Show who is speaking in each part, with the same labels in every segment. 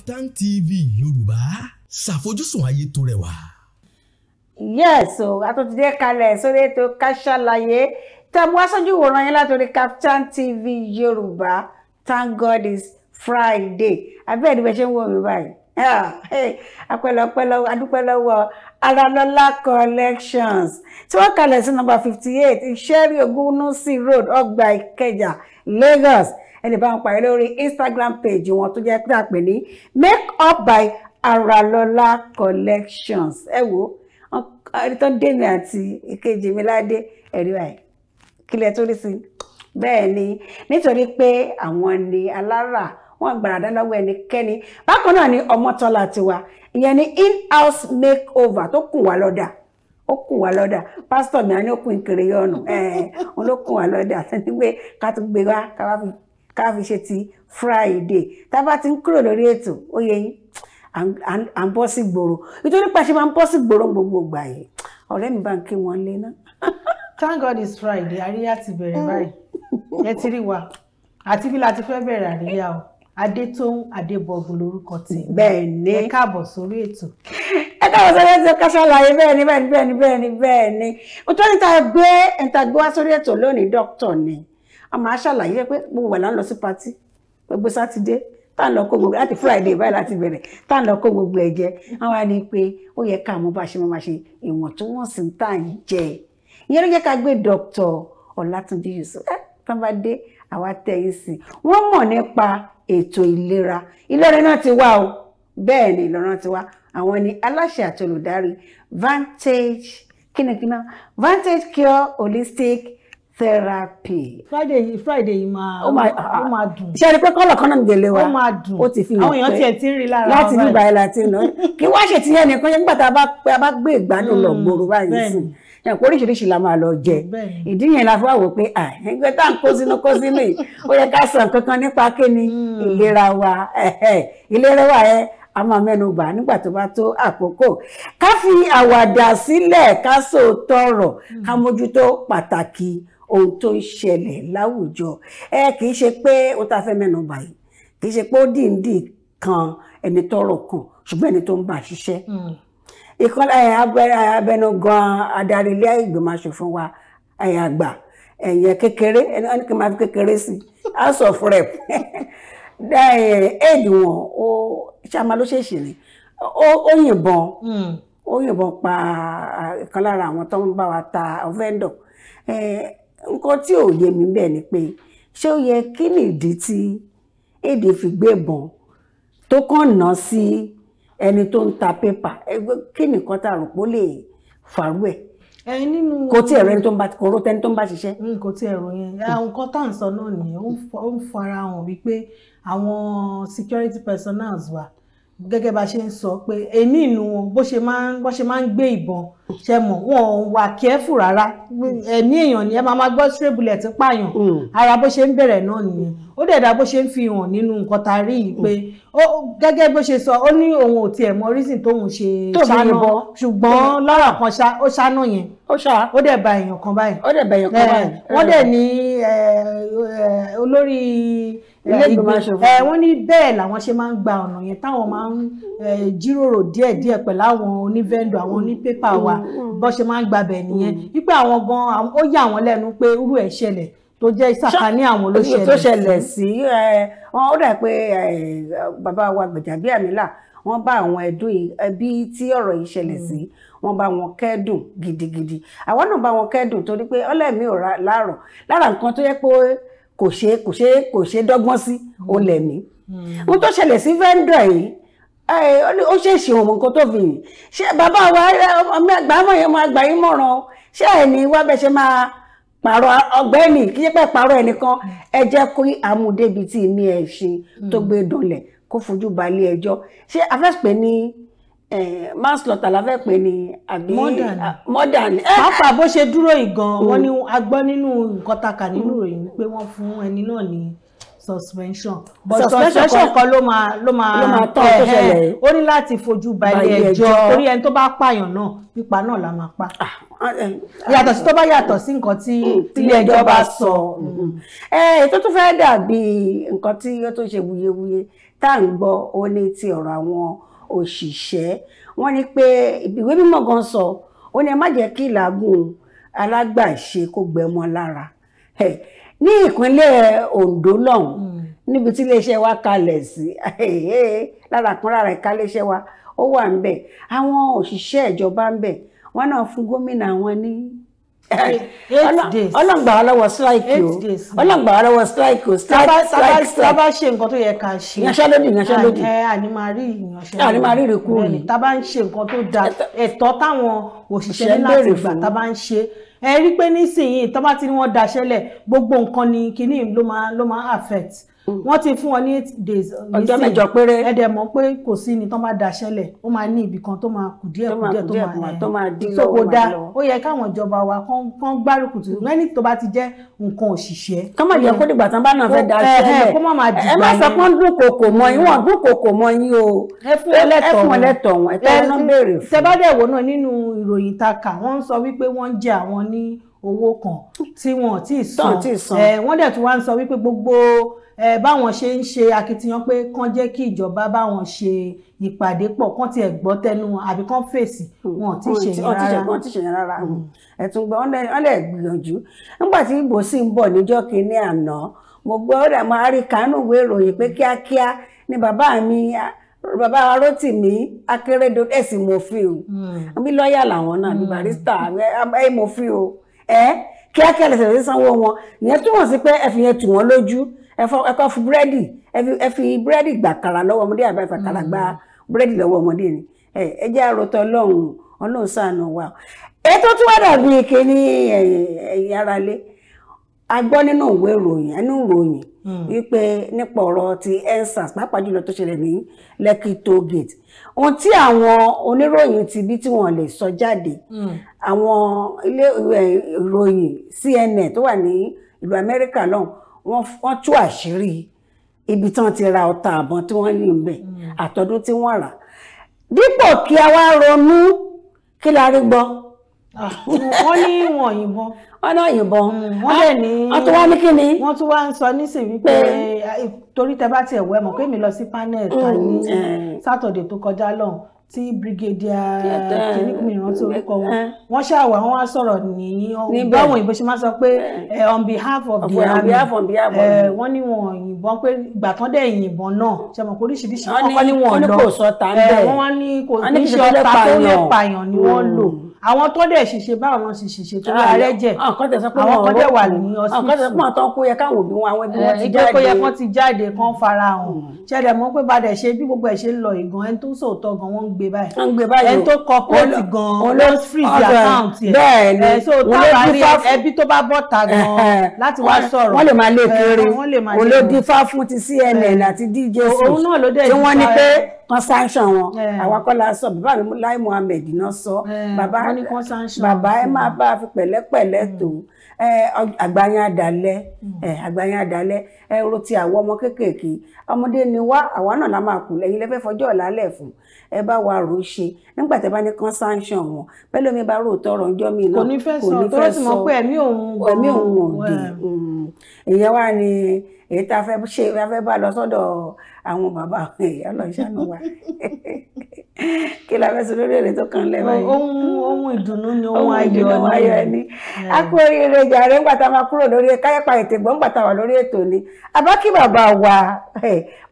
Speaker 1: Kaftan TV Yorùbá ṣàfojúsùn ayé tó rẹwà.
Speaker 2: yes o àtúntìdé kalẹ̀ sórí ètò Ká Sálàyé tẹ̀mú aṣojú ìwòran yín látòrí Captain TV Yorùbá thank God is Friday abẹ́ẹ̀ ni bẹ́ẹ̀ ṣe ń wò mí báyìí ah, apẹlọpẹlọ adúpẹ́lọ́wọ́ aralọ́lá collections tí wọ́n kalẹ̀ sí nọ́mbà fifty eight ìṣẹ́rí ogúnnúsí road ọgbà ìkẹjà Lagos ẹ lè bá wọn pàdé lórí Instagram page wọn tó jẹ́ pé àpè ní make up by Aralola collections ẹ wo ẹni tó ń dé mi àti ìkejì mi ládé ẹ̀rí báyìí kílẹ̀ tó rí sí bẹ́ẹ̀ ni nítorí pé àwọn ni alára wọn gbàràdá lọ́wọ́ ẹnikẹ́ni bákan náà ni ọmọtọ́lá tiwa ìyẹn ni in-house makeover tó kù wá lọ́dà ó kù wá lọ́dà pásítọ̀ mi á ní ó kù ìkéré yọ̀nù ẹ̀ òun ló kù wá lọ́dà àti pé ká tún gbé wá ká wá fi ká fi ṣe ti Friday tá a bá ti ń kúrò lórí ètò ó yẹ yín à ń bọ́ sí gbòòrò nítorí pàṣẹ máa ń bọ́ sí gbòòrò gbogbo ìgbà yìí ọ̀rẹ́ mi bá ń kí wọn lé náà. Thank God it's Friday àríyá ti bẹ̀rẹ̀ báyìí ẹ ti rí wa àti bí la ti fẹ́ bẹ̀rẹ̀ àríyá o adétóhùn adébọ̀gùn lórúkọ tèmi bẹ́ẹ̀ ni ẹ káàbọ̀ sórí ètò ẹ káwọn sọ lẹ́sẹ̀ ká ṣàlàyé bẹ́ẹ̀ ni bẹ́ẹ̀ ni bẹ́ẹ̀ ni bẹ́ẹ̀ ni òtún ẹni a gbé ẹni tá a gbé wá sórí ètò lónìí dókítà ni a máa ṣàlàyé pé gbogbo wà láń lọ sí patí gbogbo sátidé tá à ń lọ kó gbogbo láti friday báyìí láti bẹ̀rẹ̀ tá à ń lọ kó gbogbo ẹ̀ jẹ àwọn àni pé ó yẹ ká mọ̀ bá ṣe máa ṣe ìwọ̀ntúnwọ̀nsì tá à ń jẹ ìyẹn ló yẹ ká gbé dr ọlátúndé yusuf ẹ tán bá dé àwa tẹ yín sí wọ́n mọ̀ nípa ètò ìlera ìlera náà ti wá o bẹ́ẹ̀ ni ìlera ti wá àwọn ni aláṣẹ àti olùdarí vantage kínníkínná vantage cure holistic therapy. friday yìí friday yìí máa oh ó ah, máa dùn. ṣe é rí pé kọ́lọ̀ kan náà ń gbèlè wa ó máa dùn ó ti fi hàn pé àwọn èèyàn tiẹ̀ ti ń rí lára láti ní ìgbà yẹn láti nà kí wá ṣètìyẹn nìkan yẹn nígbà tá a bá gbé ìgbádùn lọ mm, gbòòrò báyìí sí yẹn kó oríṣiríṣi la máa lọ jẹ ìdí yẹn la fi wá wò pé à ẹgbẹ́ tá à ń kó sínú kó sínú yìí ó yẹ ká sàn kankan nípa kíni mm. ìlera wa ìlera wa ẹ a máa mẹ́nu bà nígbà tó bá tó àkókò ká fi àwàdà sílẹ̀ ká sòótọ́ ọ̀rọ̀ ká mm. mójútó pàtàkì ohun tó ń ṣẹlẹ̀ láwùjọ ẹ kì í ṣe pé ó ta fẹ́ mẹ́nu báyìí kì í ṣe pé ó dìndì kan ẹni tọrọ kan ṣùgbọ́n ẹni tó ń bá ṣiṣẹ́ hmm. ìkọlá abẹnugan adarí ilé ìgbìmọ̀ aṣòfin wa àgbà ẹ̀yẹ kékeré ẹni wọn kì í máa fi kékeré sí house of rep éèdì wọn ó ṣàmà ló ṣèṣì ni ó yìnbọn hmm. ó yìnbọn pa ìkan lára àwọn tó ń bá wa ta vendor nǹkan tí ò yé mi bẹ́ẹ̀ ni pé ṣé ó yẹ kí nìdí tí èdè fi gbé ìbọn tó kàn ná sí ẹni tó ń ta pépà kí nìkan tá a rò pé ó lè fàrú ẹ̀ kò tí ẹ̀rọ ẹni tó ń bá kò rótẹ́ ẹni tó ń bá ṣiṣẹ́. kò tí ẹ̀rọ yẹn nǹkan tá à ń sọ náà nìyẹn ó ń fara wípé àwọn security personnel wa gẹ́gẹ́ bá ṣe ń sọ pé èmi inú wọn bó ṣe máa ń bó ṣe máa ń gbé ìbọn ṣe mọ̀ wọn ò wà kẹ́fù rárá ẹ̀mí èèyàn ni ẹ máa máa gbọ́ stray bullet pààyàn mm. ara bó ṣe ń bẹ̀rẹ̀ náà nìyẹn ó dẹ̀ dá bó ṣe ń fi hàn nínú nǹkan tá a rí yìí pé gẹ́gẹ́ bó ṣe sọ ó ní òun ò tiẹ̀ mọ reason tóun ṣe ṣáná ṣùgbọ́n lọ́rọ̀ kan ṣá ó ṣáná yẹn ó dẹ̀ ba èèyàn kan báyìí eh, wọ́n dẹ̀ ní eh, eh, olórí. Eh, wọ́n ní bẹ́ẹ̀ làwọn ṣe máa ń gba ọ̀nà yẹn táwọn máa ń eh, jíròrò díẹ̀díẹ̀ pẹ̀lú àwọn onífẹ́ndọ̀ àwọn onípépà mm, wa mm. bó ṣe máa ń gbabẹ̀ nìyẹn mm. wípé àwọn gan ó yà wọ́n lẹ́nu pé irú ẹ̀ ṣẹlẹ̀ tó jẹ́ sàkání àwọn olóṣèlú. tó ṣẹlẹ̀ sí eh, wọn ó dà pé bàbá wa Gbàjàbíàmílà wọ́n bá àwọn ẹbí tí ọ̀rọ̀ yìí ṣẹlẹ̀ sí wọ́n bá wọn kẹ́dùn gidigidi àwọn náà bá wọn kẹ́dùn torí pé ọlẹ́mí ò láàrọ̀ lára nǹkan tó yẹ pé kò ṣe kò ṣe kò ṣe dọ́gbọ́n sí òun lẹ̀mí. ohun tó ṣẹlẹ̀ sí vendor yìí ó ṣèṣì òun nǹkan tó fi yìn ṣé bàbá wa àgbà mọ̀ yẹn máa gbà yín mọ̀ràn ṣé ẹ̀ní wá bẹ́ẹ̀ ṣe máa pààrọ̀ ọ̀gbẹ́ni kí ṣe pẹ́ pààrọ̀ ẹnìkan ẹ jẹ́ kó amúdébi tí mi ẹ̀ ṣe tó gbé dọ̀lẹ̀ kó fojú balẹ̀ ẹjọ́ ṣé afẹ́sùpẹ́ ní Eh, manslaughter la fẹ́ pè ní àbí modern ni. Ah, eh, pàápàá bó ṣe dúró ìgan mm. wọn ni a gbọ́ nínú nǹkan takà nínú ìròyìn pé wọ́n fún ẹni náà ní suspension but suspension kan ló máa ló máa tọ́ tó ṣẹlẹ̀ ó ní láti fojú ba ilé ẹjọ́ torí ẹni tó bá pààyàn náà pípa náà la máa pa ah, ah, eh, yàtọ̀ sí tó bá yàtọ̀ sí nǹkan tí mm, ilé ẹjọ́ bá sọ. Mm-hmm. ètò tó fẹ́ dàbí nǹkan tí ó tó ṣe wuyewuye tá à ń gbọ́ ó ní ti ọ̀rọ̀ àwọn òṣìṣẹ́ wọ́n ní pé ìwé mímọ́ gan sọ ó ní ẹ má jẹ́ kí ìlàgùn alágbàṣe kó gbẹmọ lára ní ìpínlẹ̀ Ondo lọ́hùn hmm. níbi tí iléeṣẹ́ wa kalẹ̀ sí lára kan lára ẹ̀ka iléeṣẹ́ wa ó wà ń bẹ̀ àwọn òṣìṣẹ́ ìjọba ń bẹ̀ wọ́n náà fún gómìnà wọn ní
Speaker 1: ọlọ́gbà
Speaker 2: ọlọ́wọ́ strike o ọlọ́gbà ọlọ́wọ́ strike o strike strike strike. tábà ṣe nǹkan tó yẹ ká ṣe ìyanṣẹ́lódì ìyanṣẹ́lódì àní máa rí ìyanṣẹ́lódì àní máa rí ìrìkú òní. tábà ń ṣe nǹkan tó dáa ẹ̀tọ́ táwọn òṣìṣẹ́ ní láti gbà tábà ń ṣe ẹ rí i pé nísìnyí tábà tí wọ́n daṣẹ́lẹ̀ gbogbo nǹkan ni kinní ló máa ló máa affect Mm. wọ́n ti fún ọ ní eight days uh, ọjọ́ mẹ́jọ péré ẹ̀dẹ̀ mọ̀ pé kò sí ni tó máa da ṣẹlẹ̀ ó máa ní ibì kan tó máa kù díẹ̀ kù díẹ̀ tó máa dín lọ ó máa da ó yẹ káwọn ìjọba wa kán gbárùkù tì mm. lẹ́ni tó bá ti jẹ́ nǹkan òṣìṣẹ́. kán má jẹ́ kó dìgbà tán bá náà fẹ́ da eh, ṣẹlẹ̀ eh, ẹ má sọ pé ń dún kòkò mọ́ yín wọ́n dún kòkò mọ́ yín o ẹ fún ẹlẹ́tọ̀ wọn ẹ̀tọ́ wọn ń béèrè fún. tẹ́ bá dẹ̀ wò náà báwọn ṣe ń ṣe akitiyan pé kán jẹ́ kí ìjọba báwọn ṣe ìpàdé pọ̀ kán tiẹ̀ gbọ́ tẹnu wọn àbí kán fèsì wọn ti ṣe yẹn rárá wọn ti ṣe mm. yẹn rárá ẹ̀tún gbọ́ wọn lè gbìyànjú nígbà tí ìbò sì ń bọ̀ níjọ́ kínní àná mo gbọ́ ó dà máa rí kánú ìwé ìròyìn pé kíákíá ni bàbá mi bàbá Rotimi Akérédolú ẹ̀sìn mòfin mm. o àbí lọ́ọ̀yà làwọn náà ní mm. barista ẹ mòfin o ẹ kíákíá lè ṣẹlẹ̀ sí sanwó wọn ìyẹn túmọ̀ sí pé ẹ fi yẹn tù wọ́n lójú ẹ̀kọ́ fún búrẹ́dì ẹ fi búrẹ́dì gbà kàrà lọ́wọ́ ọmọdé àbá ìfàkàrà gba mm-hmm. búrẹ́dì lọ́wọ́ ọmọdé ni ẹ jẹ́ àròtọ́ ọlọ́run ọlọ́run ṣàánú wa. ètò tí wọ́n dàbí ike ní ẹ̀yìn ara lé a gbọ́ nínú ìwé ìròyìn ẹnu ìròyìn mm. wípé nípa ọ̀rọ̀ ti ensars pàápàá jùlọ tó ṣẹlẹ̀ ní Lekki toll gate ohun tí àwọn oníròyìn ti bí tí wọ́n lè sọ jáde mm. àwọn ilé ìròyìn CNN tó wà ní ìlú Amẹ́ríkà lọ́hùn wọ́n tú àṣírí ibi tí wọ́n ti ra ọta àbọn tí wọ́n ní níbẹ̀ mm. àtọdún tí wọ́n rà dípò kí a wá ronú kí la rí gbọ́. Ah, wọ́n ní wọn yìnbọn. wọ́n náà yìnbọn. Mm, wọ́n dẹ̀ ní. Ah, wọ́n tún wá ní kíni. wọ́n tún wá ń sọ nísìnyí wípé torí tẹ bá tiẹ̀ wẹ́ mọ̀ pé mi lọ sí panel ta ní sátọ̀dẹ̀ tó kọjá lọ́hùn tí brigadier kìnnìkùnmí ìrántí orúkọ wọn wọn ṣàwà wọn wá sọ̀rọ̀ ní báwọn òyìnbó ṣe máa sọ pé eh, on behalf of the army eh, wọn ní wọn yìnbọn pé ìgbà kan dẹ̀ yìnbọn náà ṣe mọ̀ pé oríṣiríṣi wọn kọ́ ní wọn lọ wọn ní kò sọ ta ń eh, bẹ̀ wọn ní kò ní ṣe ọta tó lè pààyàn ni wọ́n lò. Hmm àwọn tó dẹ̀ ṣiṣẹ́ bá àwọn ṣiṣẹ́ tó wà rẹ́jẹ̀ ah, àwọn kan dẹ̀ wà ní ọsibítù àwọn kan dẹ̀ pọ̀ tán kó yẹ káwọn òbí wọn àwọn ẹbí wọn eh, ti jáde kó yẹ kán ti jáde kán fara hàn ṣẹlẹ̀ mọ́ pé bàdẹ̀ ṣe bí gbogbo ẹ̀ ṣe ń lọ ìgan ẹni tó ń sòótọ́ gan wọ́n ń gbé báyìí ẹni tó cooperate gan ló ń freeze account ẹ̀ eh, so táwa rí ẹbí tó bá bọ́ ta gan eh, láti wá sọ̀rọ̀ wọ́n lè máa lè kéré olódìfá fún ti CNN àti DJ kan sanction wọn àwa kọ́ la sọ bàbá mi Láì Muhammed náà sọ bàbá bàbá ẹ máa bá a fi pẹ̀lẹ́pẹ̀lẹ́ mm. tó àgbáyán adalẹ́ mm. àgbáyán adalẹ́ ẹ̀rọ ti àwọ ọmọ kéékèèké ọmọdé ni wá àwa náà la máa kù lẹ́yìn lẹ́fẹ́ fọjọ́ ọ̀la lẹ̀ fún ẹ bá wa rò ó ṣe nígbà tẹ́ bá ní kan sanction wọn pẹ̀lú mi bá rò tọrọ ọjọ́ mi náà kò ní fẹ́ sọ tó sì mọ̀ pé ẹ̀mí òun ẹ̀mí òun ò dé mm. ìyẹn wá ni èyí tá a fẹ́ ṣe a fẹ́ bá lọ sọ́dọ̀ àwọn bàbá ọlọ́ọ̀ṣánú wa kí la fẹ́ sọ lórí èrè tó kàn lẹ́ báyìí. ohun ohun ìdùnnú ni ohun ayọ̀ ni ohun ayọ̀ ni a kú oríire jàre ńgbà tá a máa kúrò lórí káyọ̀pá ètò ìgbọ́n ńgbà tá a wà lórí ètò ni àbá kí bàbá wa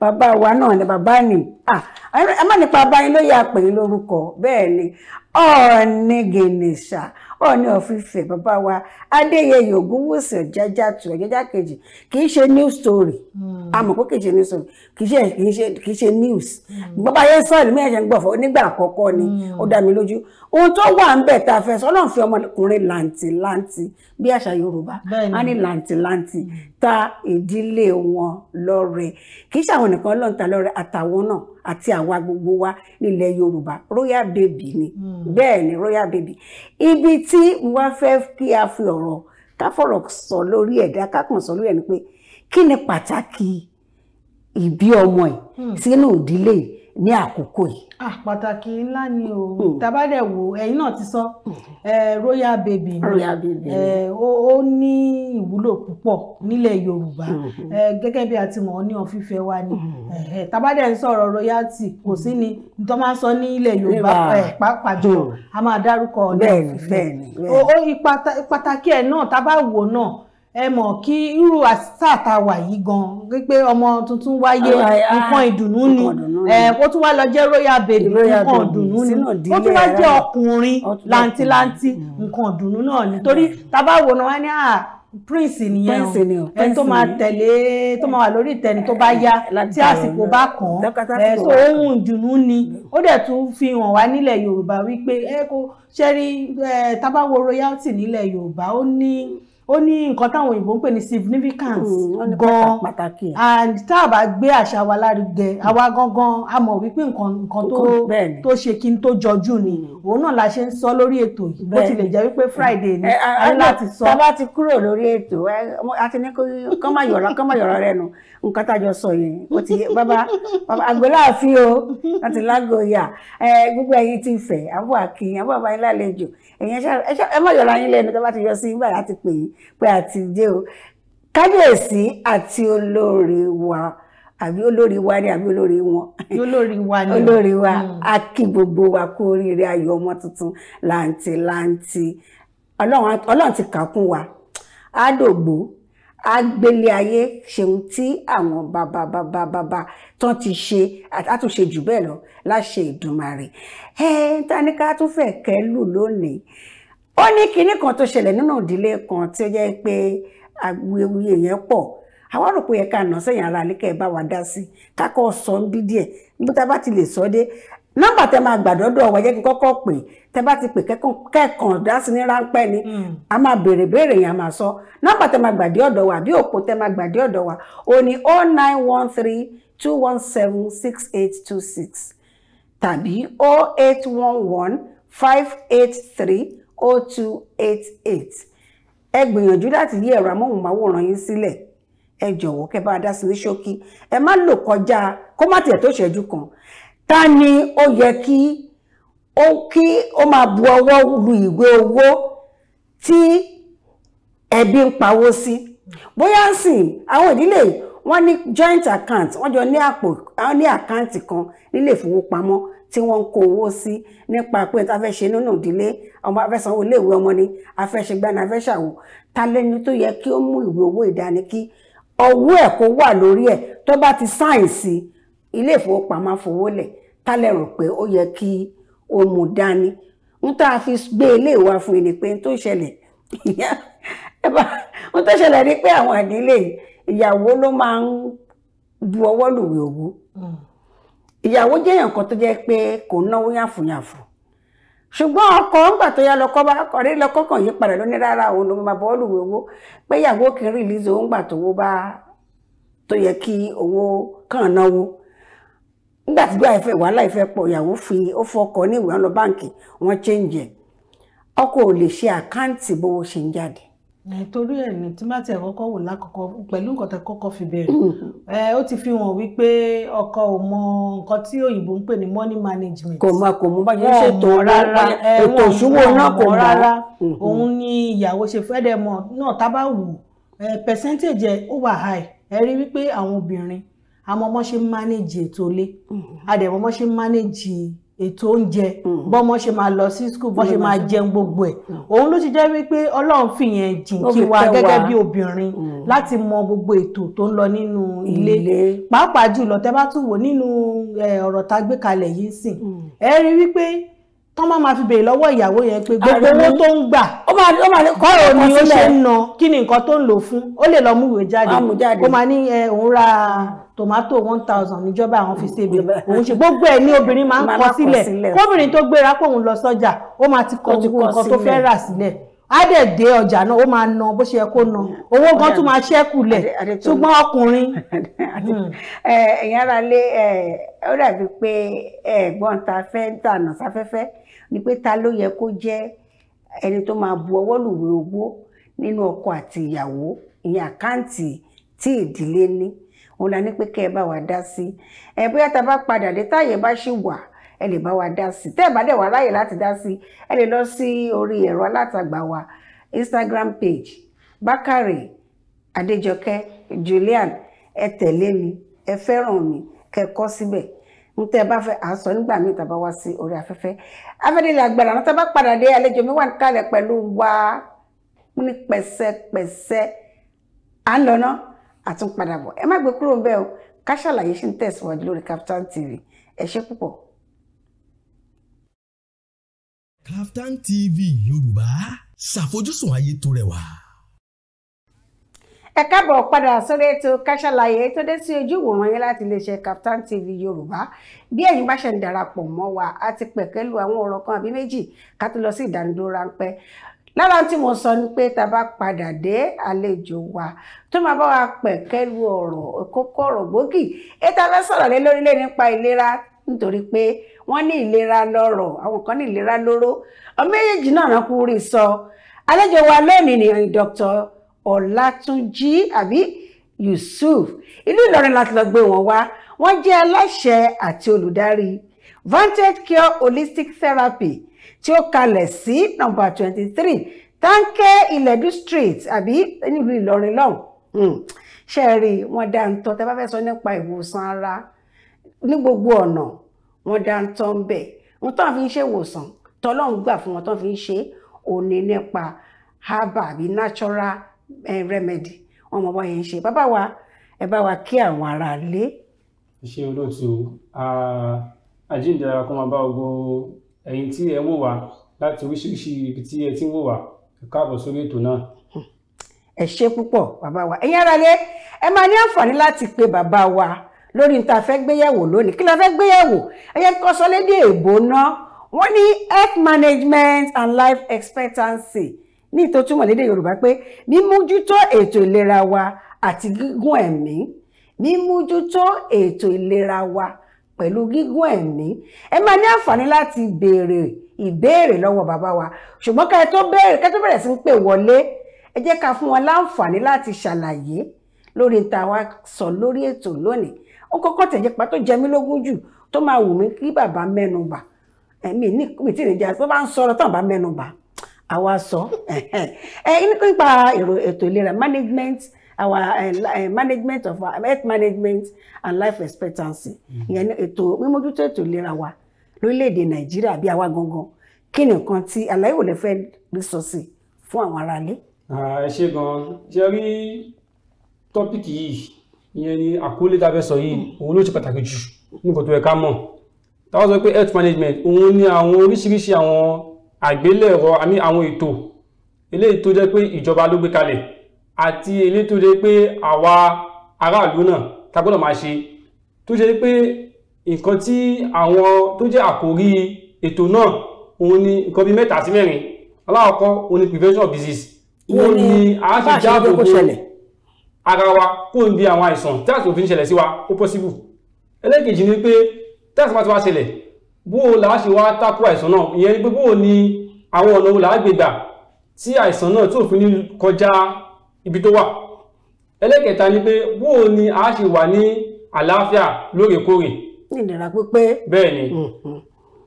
Speaker 2: bàbá wa náà ni bàbá ni a má nípa abáyín ló yà pè é lórúkọ bẹ́ẹ̀ ni Ọ̀ọ̀ni Gìnìṣà ọ̀ọ̀ni ọ̀fìfẹ́ bàbá wa adéyẹyẹ ògúnwùsì ọ̀jájá tù ọ̀jájá kejì kì í ṣe news story àmọ́ hmm. pé kì í ṣe news story kì í ṣe kì í ṣe kì í ṣe news hmm. bàbá yẹn sọ ìlú mẹ́rin ṣe ń gbọ̀fọ̀ nígbà àkọ́kọ́ ni hmm. ó dá mi lójú ohun tó wà ń bẹ̀ tá a fẹ́ sọ ọlọ́run fi ọmọkùnrin làǹtìlanti bí àṣà yorùbá á ní làǹtìlanti ta ìdílé wọn lọ́rẹ kì í ṣàwọn nìkan ọlọ́run ta lọ́rẹ àtàwọn náà àti àwa gbogbo wa nílẹ̀ Yorùbá royal baby ni hmm. bẹ́ẹ̀ ni royal baby ibi tí wá fẹ́ kí a fi ọ̀rọ̀ ká fọ̀rọ̀ sọ lórí ẹ̀dá kákan sọ lórí ẹ̀ ni pé kí ni pàtàkì ìbí ọmọ ẹ̀ hmm. sínú ìdílé yìí ní àkókò yìí. Ah, pàtàkì ńlá ni o hmm. tabadẹ wo ẹ̀yin náà ti sọ hmm. royal baby ni ó ní ìwúlò púpọ̀ nílẹ̀ Yorùbá hmm. gẹ́gẹ́ bí a ti mọ̀ ní ọ̀fífẹ́ wa ni tabadẹ ń royalty kò sí ni tó máa sọ ní Yorùbá a máa dárúkọ ó pàtàkì náà tá bá ẹ mọ̀ kí irú àṣà tá a wà yìí gan-an pé ọmọ tuntun wáyé nǹkan ìdùnnú ni ó tún wá lọ jẹ́ royal baby nǹkan ìdùnnú ni ó tún wá jẹ́ ọkùnrin làǹtìlàǹtì mm. nǹkan ìdùnnú náà nítorí mm. tá a wò náà wá ní à prince nìyẹn o ẹni tó máa tẹ̀lé tó máa wà lórí ìtẹ́ni tó bá eh, yá eh, tí àsìkò bá kàn án ẹ̀ tó eh, ohun ìdùnnú ni ó dẹ̀ tún fi hàn wá nílẹ̀ yorùbá wípé ẹ kò ṣẹ́rí ẹ̀ tábàwọ̀ royalty nílẹ̀ yorùbá ó ní ó ní nǹkan táwọn òyìnbó ń pè ní significance mm, gan and tá a bá gbé àṣà wa lárugẹ mm. àwa gangan a mọ̀ wípé nǹkan nǹkan tó ṣe kí n tó jọjú ni mm. òun náà la ṣe ń sọ lórí ètò yìí bó tilẹ̀ jẹ́ wípé Friday ni eh, eh, a ní láti sọ. tá a bá ti kúrò lórí ètò a ti ní kọ́ máa yọ̀rọ̀ kọ́ máa yọ̀rọ̀ rẹ nù nǹkan tá a jọ sọ yẹn ó ti bàbá àgbéláàfin o láti lágọ̀ọ́yà gbogbo ẹ̀yin ti fẹ̀ àbọ̀ àkìyàn àbọ̀ àbáyín lálejò ẹ̀yin ẹ má yọ̀rọ̀ ayín tó bá ti yọ sí báyà ti pè yín pé a ti dé o kábíyèsí àti olórí wa àbí olórí wa ni àbí olórí wọn olórí wa ni olórí wa hmm. a kí gbogbo wa kú oríire ayọ̀ ọmọ tuntun láǹtì láǹtì ọlọ́run ti kàkún wa á dògbò agbélé ayé ṣeun tí àwọn bàbá bàbá bàbá tán ti ṣe àtúnṣe jù bẹ́ẹ̀ lọ láṣẹ Ìdùmarè ẹ táníkà tún fẹ́ kẹ́ lù lónìí ó ní kinní kan tó ṣẹlẹ̀ nínú ìdílé kan tí ó jẹ́ pé awuyewuye yẹn pọ̀ àwọn rò pé yẹ ká nà sẹ́yìn ara àlékẹ́ bá wa dá sí kákọ́ sọ ń bí díẹ̀ níbi tá a bá ti lè sọ dé nọ́mbà tẹ máa gbàdọ́dọ̀ wa jẹ́ kí kọ́kọ́ pè tẹ bá ti pè kẹ́kàn dá sí ní ráńpẹ́ ni hmm. a máa béèrè béèrè yẹn a máa sọ nọ́mbà tẹ máa gbàdí ọ̀dọ̀ wa àbí òpó tẹ máa gbàdí ọ̀dọ̀ wa ó ní oh nine one three two one seven six eight two six tàbí o oh eight one one five eight three 0288 ẹ gbìyànjú láti yí ẹ̀rọ amóhùnmáwòrán yín sílẹ̀ ẹ jọ̀wọ́ kẹ́ bá a dá sí ní ṣókí ẹ má lò kọjá kó má tiẹ̀ tó ṣẹ́jú kan ta ni ó yẹ kí ó kí ó máa bu ọwọ́ lu ìwé owó tí ẹbí ń pawó sí bóyá ń àwọn ìdílé wọ́n ní joint account wọ́n jọ ní àpò wọ́n ní àkáǹtì kan nílé ìfowópamọ́ tí wọ́n ń kó owó sí nípa pé a fẹ́ ṣe nínú ìdílé ọmọ a fẹ́ sanwó iléèwé ọmọ ni a fẹ́ ṣe a fẹ́ ṣàwò ta lẹ́ni tó yẹ kí ó mú ìwé owó ìdání kí ọwọ́ ẹ̀ kó wà lórí ẹ̀ tó bá ti sáyẹ̀nsì ilé ìfowópamọ́ fowó lẹ̀ ta lẹ rò pé ó yẹ kí ó mú dání ń tá a fi gbé ilé ìwà fún ẹni pé tó ṣẹlẹ̀ ìyá ẹ tó ṣẹlẹ̀ ni pé àwọn ìdílé ìyàwó ló máa ń bu ọwọ́ lùwẹ̀ òwú. ìyàwó jẹ́ èèyàn kan tó jẹ́ pé kò náwó yàfùyàfù ṣùgbọ́n ọkọ̀ ńgbà tó yá lọ́kọ́ bá kọ̀rí lọ́kọ́ kàn yí padà lóní rárá òun ló máa bọ́ọ̀lù owó pé ìyàwó kì í rìlíìsì òun gbà tówó bá tó yẹ kí owó kàn náwó nígbà tí gbà ìfẹ́ wàhálà ìfẹ́ pọ̀ ìyàwó fi ó fọkọ ní ìwé wọn lọ báǹkì wọn chẹ́ǹjẹ̀ ọkọ ò lè ṣe àkáǹtì bówó ṣe ń jáde torí ẹ̀ ní tí má tiẹ̀ kọ́kọ́ wò lákọ̀ọ́kọ́ pẹ̀lú nǹkan tẹ́ kọ́kọ́ fi bẹ̀rẹ̀ mm-hmm. ó ti fi hàn wípé ọkọ ò mọ nǹkan tí òyìnbó ń pè ní money management kò mọ kò mọ báyìí ó ṣètò rárá ètò òṣùwò náà kò mọ rárá mm-hmm. òun ni ìyàwó ṣe fẹ́ dẹ̀ mọ̀ náà tá bá wù percentage ẹ̀ ó wà high ẹ rí wípé àwọn obìnrin àmọ́ ọmọ ṣe manage ètò ilé àdẹ̀mọ́ mm-hmm. ọmọ ṣe ń manage ètò oúnjẹ mm-hmm. bọ́mọ ṣe máa lọ sí skul bọ́ ṣe mm-hmm. máa jẹun gbogbo ẹ̀ mm-hmm. òun ló ti jẹ́ wípé ọlọ́run fìyẹn jìnkí wa gẹ́gẹ́ bí obìnrin láti mọ gbogbo ètò tó ń lọ nínú ilé pàápàá jùlọ tẹ́ bá tún wò nínú ọ̀rọ̀ tá a gbé kalẹ̀ yìí sìn ẹ rí wípé tán máa ma fi béèrè lọ́wọ́ ìyàwó yẹn pé gbogbo owó tó ń o báwo ni ó ṣe ń ná kí ni nǹkan tó ń lò fún ó lè lọ mú ìwé jáde ó máa ní òun ra tomato one thousand níjọba àwọn fi ṣebè òun ṣe gbogbo ẹ̀ ní obìnrin máa ń kọ sílẹ̀ kóbìnrin tó gbéra pé òun lọ sọ́jà O máa ti kọ gbogbo nǹkan tó fẹ́ rà sílẹ̀ á dẹ̀ dé ọjà náà ó máa ná bó ṣe yẹ kó ná owó gan tún máa ṣẹ́kù lẹ̀ ṣùgbọ́n ọkùnrin. Hmm. ẹ̀yin ara lé ó dàbí pé ẹ̀gbọ́n ta fẹ́ ń tànà sáfẹ́fẹ́ ni pé ta ló yẹ kó jẹ́ ẹni tó máa bu ọwọ́ lùwé owó nínú ọkọ àti ìyàwó ìyẹn àkáǹtì tí ìdílé ní òun la ní pé kẹ́ ẹ bá wa dá sí ẹ bóyá ta bá padà dé táyè bá ṣì wà ẹ lè bá wa dá sí tẹ́ ẹ bá dẹ̀ wá láyè láti dá sí ẹ lè lọ sí orí ẹ̀rọ alátagbà wa Instagram page Bákàrè Adéjọkẹ́ Julian ẹ tẹ̀lé mi ẹ fẹ́ràn mi kẹ́ kọ síbẹ̀ n tẹ́ bá fẹ́ à ń sọ nígbà míì tàbá wá sí orí afẹ́fẹ́ afẹ́délé agbára àwọn tàbá padà dé àlejò mi wà ní kalẹ̀ pẹ̀lú wa ní pẹ̀sẹ̀pẹ̀sẹ̀ à ń lọ́nà àtúnpadà ẹ má gbé kúrò ń bẹ̀ o ká ṣàlàyé ṣì ń tẹ̀síwájú lórí Kaftan TV ẹ ṣé
Speaker 1: púpọ̀. Kaftan TV Yorùbá ṣàfojúsùn ayé tó rẹwà
Speaker 2: ẹ káàbọ̀ padà sórí ètò Ká Sálàyé tó dé sí ojú ìwòran yín láti iléeṣẹ́ Kaftan TV Yorùbá bí ẹ̀yin bá ṣe ń darapọ̀ mọ́ wa a ti pẹ̀kẹ́lu àwọn ọ̀rọ̀ kan àbí méjì ká tó lọ sí ìdánidúró ráńpẹ́ lára tí mo sọ ni pé tá a bá padà dé àlejò wa tó máa bá wa pẹ̀kẹ́lu ọ̀rọ̀ kókó ọ̀rọ̀ gbòógì ètò abẹ́ sọ̀rọ̀ lé lórílẹ̀ nípa ìlera nítorí pé wọ́n ní ìlera lọ́rọ̀ àwọn kan ní ìlera lóró ọmọ méjèèjì náà náà kú rí sọ àlejò wa lónìí ni Dr ọ̀làtúnjì àbí yusuf ìlú ìlọrin láti lọ gbé wọn wá wọ́n jẹ́ aláṣẹ àti olùdarí vantage care holistic therapy tí ó kalẹ̀ sí nọ́mbà twenty three tanke ilẹ̀dú street àbí nílùú ìlọrin lọ́hùn hmm. ṣe rí wọn dá ń tọ́ tẹ́ bá fẹ́ sọ nípa ìwòsàn ara ní gbogbo ọ̀nà wọn dá ń tọ́ ń bẹ̀ wọn tó fi ń ṣe ìwòsàn tọ́lọ́run gbà fún wọn tó fi ń ṣe òní nípa herbal àbí natural remedy wọn mọ bọ́yẹn ń ṣe bàbá wa ẹ bá wa kí àwọn ará lé.
Speaker 1: iṣẹ́ olóòtú àjíǹdàrà kan máa bá gbogbo ẹ̀yin tí ẹ ń wò wá láti oríṣiríṣi ibi tí ẹ ti ń wò wá ẹ káàbọ̀ sórí ètò náà.
Speaker 2: ẹ ṣe púpọ̀ bàbá wa ẹ̀yin ará lé ẹ máa ní àǹfààní láti pe bàbá wa lórí ní ta fẹ́ gbéyẹ̀wò lónìí kí la fẹ́ gbéyẹ̀wò ẹ̀yẹ kọ́ sọ lédè èbó náà wọ́n ní health management and life expectancy ní ìtòtúmọ̀ lédè Yorùbá pé mímójútó ètò ìlera wa àti gígùn ẹ̀mí mímójútó ètò ìlera wa pẹ̀lú gígùn ẹ̀mí ẹ máa ní àǹfààní láti béèrè ìbéèrè lọ́wọ́ bàbá wa ṣùgbọ́n ká ẹ tó bẹ̀rẹ̀ ká tó bẹ̀rẹ̀ sí ń pè wọlé ẹ jẹ́ ká fún wọn láǹfààní láti ṣàlàyé lórí ta wa sọ lórí ètò lónìí ó kọ́kọ́ tẹ̀jẹ́ pa tó jẹ mí lógún jù tó máa wù mí kí bàbá mẹ́nu bà ẹ̀mí ní mi tí tó bá ń sọ̀rọ̀ tó bá mẹ́nu àwa sọ ẹ nípa ètò ìlera management our uh, management of our health management and life expectancy mm-hmm. ìyẹn ní ètò mímójútó ètò ìlera wa lórílẹ̀‐èdè nàìjíríà bí àwa gangan kí ni nǹkan tí àlàyé wò lè fẹ́ rí sọ sí fún àwọn aráalé.
Speaker 1: ẹ ṣe gan ṣe rí tọ́pìkì yìí ìyẹn ni àkọlé tá a fẹ́ sọ yìí òun ló ṣe pàtàkì jù nígbà tó yẹ ká mọ̀ táwọn sọ pé health management òun ni àwọn oríṣiríṣi àwọn àgbélẹ̀rọ àmì àwọn ètò eléyìí tó jẹ́ pé ìjọba ló gbé kalẹ̀ àti eléyìí tó jẹ́ pé àwa aráàlú náà ta gbọ́dọ̀ máa ṣe tó jẹ́ pé nǹkan tí àwọn tó jẹ́ àkórí ètò náà òun ni nǹkan bíi mẹ́ta sí mẹ́rin alákọ̀ọ́kọ́ òun ni prevention of disease òun ni a ṣe dáàbò bo ara wa kó n bí àwọn àìsàn tí àìsàn òfin ṣẹlẹ̀ sí wa ó possible ẹlẹ́kejì ni pé tí àìsàn ti wá ṣẹlẹ̀ bó o là á ṣe wá tako àìsàn náà ìyẹn ni pé bó o ní àwọn ọ̀nà wo là á gbé gbà tí àìsàn náà tí ò fi ní kọjá ibi tó wà ẹlẹ́kẹta ni pé bó o ní a ṣe wà ní àlàáfíà lóòrèkóòrè.
Speaker 2: ní ìlera pípé.
Speaker 1: bẹ́ẹ̀ ni hmm, hmm.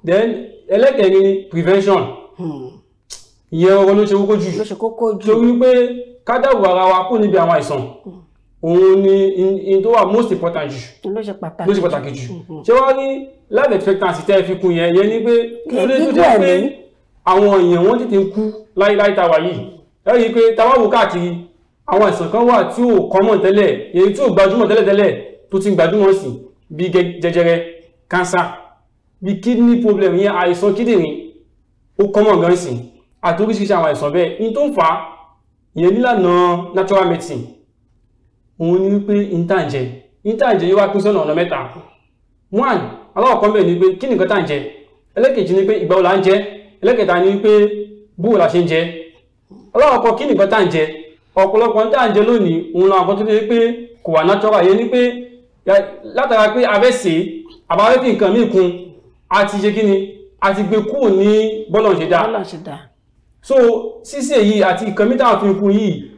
Speaker 1: then ẹlẹ́kẹrin ni prevention hmm. ìyẹn ọ̀rọ̀ ló ṣe kókó jù ló ṣe kókó jù torí pé ká dáàbò ara wa kó níbi àwọn àìsàn òun ni in tó wà most important
Speaker 2: jù most important pàtàkì jù
Speaker 1: mm-hmm. ṣé wọ́n ní life expectancy tẹ́ fi kún yẹn yẹn ni pé lórí tó jẹ́ pé àwọn èèyàn wọ́n tètè ń kú láíláí tàwa yìí ẹ rí i pé tàwa wò káàkiri àwọn àìsàn kan wà tí ò common tẹ́lẹ̀ èyí tí ò gbajúmọ̀ tẹ́lẹ̀ tẹ́lẹ̀ tó ti gbajúmọ̀ sí bí jẹjẹrẹ cancer bí kidney problem yẹn àìsàn kíndìnrín ó common gan sí àti oríṣiríṣi àwọn àìsàn bẹ́ẹ̀ ní tó ń fà á ìyẹn nílànà natural medicine òun ni wípé intanjẹ intanjẹ yóò wá pín sọ́nà ọ̀nà mẹ́ta one aláwọ̀kọ́ mẹ́rin ni pé kí nìkan tá à ń jẹ ẹlẹ́kejì ni pé ìgbà wo la ń jẹ ẹlẹ́kẹta ni pé bóò la ṣe ń jẹ aláwọ̀kọ́ kí nìkan tá à ń jẹ ọ̀pọ̀lọpọ̀ tá jẹ lónìí òun làwọn kan tó ṣe pé kò wà natural yẹn ni pé látara pé abẹ́ sè fi nǹkan míì kún a ṣe kí ni a gbé kúrò ní bọ́lọ̀ ṣe dáa so sísè yìí àti nǹkan míì táwọn fi kún yìí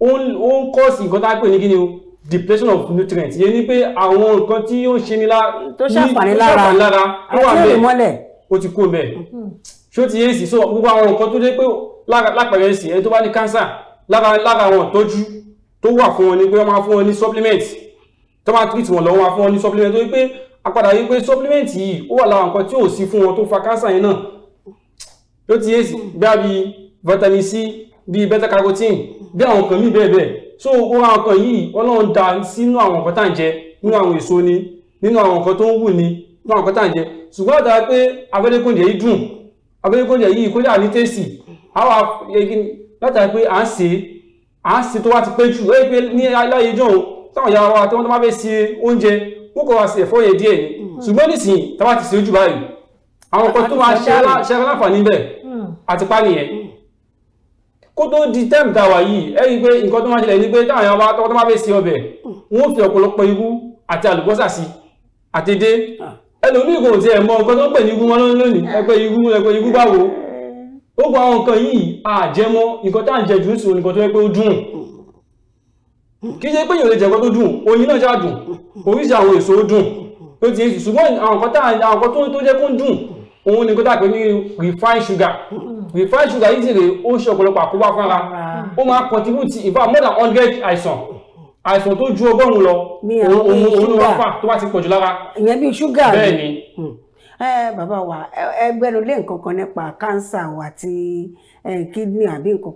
Speaker 1: ó ń kọ́ọ̀sì nǹkan tá a pè ní kíni o depletion of nutrients yẹn ni pé àwọn nǹkan tí ó ń ṣe ní lára tó ṣàǹfààní lára tó wà bẹ́ẹ̀ ó ti kó bẹ́ẹ̀ hmm. ṣó ti yéèsì so gbogbo àwọn nǹkan tó dé pé lápẹẹrẹ ẹsì ẹni tó bá ní cancer lára àwọn ìtọ́jú tó wà fún wọn ni pé wọ́n máa fún wọn ní supplement tó máa treat wọn lọ́wọ́ máa fún wọn ní supplement tó yí pé apadà yí pé supplement yìí ó wà lára nǹkan tí ò sí fún wọn tó fa cancer yẹn náà ló ti yéèsì gbá hmm. bíi vitamin C bíi beta carotene bí àwọn nǹkan míì bẹ́ẹ̀ bẹ́ẹ̀ so owó àwọn nǹkan yìí ọlọ́run da sínú àwọn nǹkan tá à ń jẹ nínú àwọn èso ni nínú àwọn nǹkan tó ń wù ni nínú àwọn nǹkan tá à ń jẹ ṣùgbọ́n àdá pé abẹ́lẹ́kọ̀ọ́jẹ yìí dùn abẹ́lẹ́kọ̀ọ́jẹ yìí kó yà ní tẹ́sì àwa látàrí pé à ń ṣe à ń ṣe tó wá ti pé jù ẹ́ pé ní aláyé jọ̀ọ́ táwọn ìyá wa tí wọ́n tó bá fẹ́ ṣe oúnjẹ wọ́n kọ́ wa ṣe ẹ̀fọ́ yẹn díẹ̀ ni mm. ṣùgbọ́n nísìnyí táwa ti ṣe ojú báyìí àwọn nǹkan tó máa ṣe aláǹfààní bẹ́ẹ̀ mm. àti nìyẹn kó tó di tẹ́m tàwà yìí ẹ rí i pé nǹkan tó máa ṣẹlẹ̀ ni pé táwọn èèyàn bá tọ́kọ́ tó máa fẹ́ ṣe ọbẹ̀ hmm. wọ́n fi ọ̀pọ̀lọpọ̀ irú àti àlùbọ́sà sí àtẹ̀dé hmm. ẹlòmíì kò tiẹ̀ mọ nǹkan tó ń pè ní irú wọn lónìí hmm. ẹgbẹ́ irú ẹgbẹ́ irú báwo ó gba àwọn nǹkan yìí àjẹmọ́ nǹkan tá à ń jẹ jù ú o nǹkan tó yẹ pé ó dùn kì ṣe pé èèyàn lè jẹ nǹkan tó dùn oyin náà ṣáà dùn oríṣi àwọn èso ó dùn ó ti ṣùgbọ́n àwọn nǹkan tó jẹ́ kó ń dùn òun ni kótà pé ní refined sugar mm. refined sugar yìí ti rè ó ṣe ọ̀pọ̀lọpọ̀ àkóbá fúnra ó máa contribute in fact more than hundred àìsàn àìsàn tó ju ọgọ́rùn-ún lọ òun òun wá fà tó bá ti pọ̀jù lára. ìyẹn bíi ṣúgà bẹ́ẹ̀ ni. Mm.
Speaker 2: bàbá wa ẹgbẹ́nu lé nǹkan kan nípa kánsà àti kídìní àbí nǹkan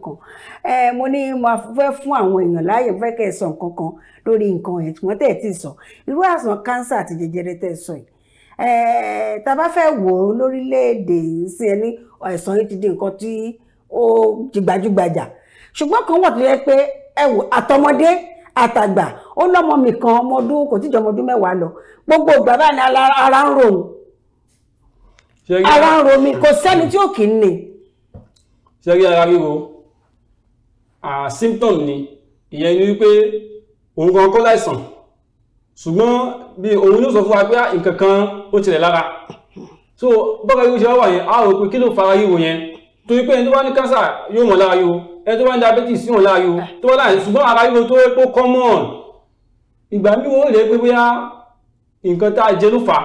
Speaker 2: kan mo ní mo fẹ́ fún àwọn èèyàn láàyè fẹ́ kẹ́ ẹ sọ nǹkan kan lórí nǹkan ẹ̀ tí wọ́n tẹ̀ ti sọ irú àìsàn kánsà àti jẹjẹrẹ tẹ̀ sọ yìí Eh, tá a bá fẹ́ wò ó lórílẹ̀‐èdè sí ẹni àìsàn yìí ti di nǹkan tí ó ti gbajúgbajà ṣùgbọ́n kan wà tó yẹ pé ẹ wò àtọmọdé àtàgbà ó lọ́mọ mi kan ọmọ ọdún kò tíjọ ọmọ ọdún mẹ́wàá lọ gbogbo ìgbà báyìí ara ń ro
Speaker 1: ara ń ro mi kò sẹ́ni tí ò kì í ní. ṣé rí ara ríro symptom ni ìyẹn ni wípé òun kan kó láìsàn ṣùgbọ́n bí òun yóò sọ fún wa pé ah, nǹkan kan ó tilẹ̀ lára so bọ́ka yóò ṣe wá yẹn a rò pé kí ló fara yíwo yẹn torí pé ẹni tó bá ní kánsà yóò mọ̀ lára yóò ẹni tó bá ní diabetes yóò mọ̀ lára yóò tó bá láàyè ṣùgbọ́n ara yóò tó kó common ìgbà mi ò rẹ̀ pé bóyá nǹkan tá a jẹ ló fà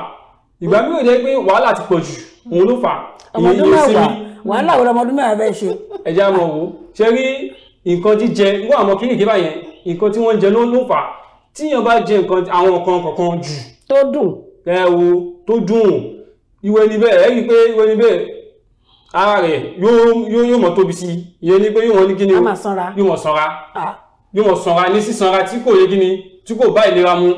Speaker 1: ìgbà mi ò rẹ̀ pé wàhálà ti pọ̀ jù òun ló fà ìyẹn yóò sí mi wàhálà wo ọmọdún mẹ́wàá fẹ́ ṣe. ẹ jẹ́ àmọ̀ wo ṣe rí nǹkan jíjẹ nǹkan àmọ́ kíníkì báyẹn nǹkan tí wọ́n ń jẹ ló ń fà tíyàn bá jẹ nǹkan àwọn nǹkan kọ̀ọ̀kan jù. tó dùn. ẹ wo tó dùn ìwé níbẹ̀ ẹ rí i pé ìwé níbẹ̀ ara rẹ̀ yóò yóò mọ̀ tóbi sí i ìyẹn ni pé yóò wọ́n ní kíni o yóò mọ̀ sanra yóò mọ̀ sanra ní sísanra tí kò yẹ kíni tí kò bá ìlera mu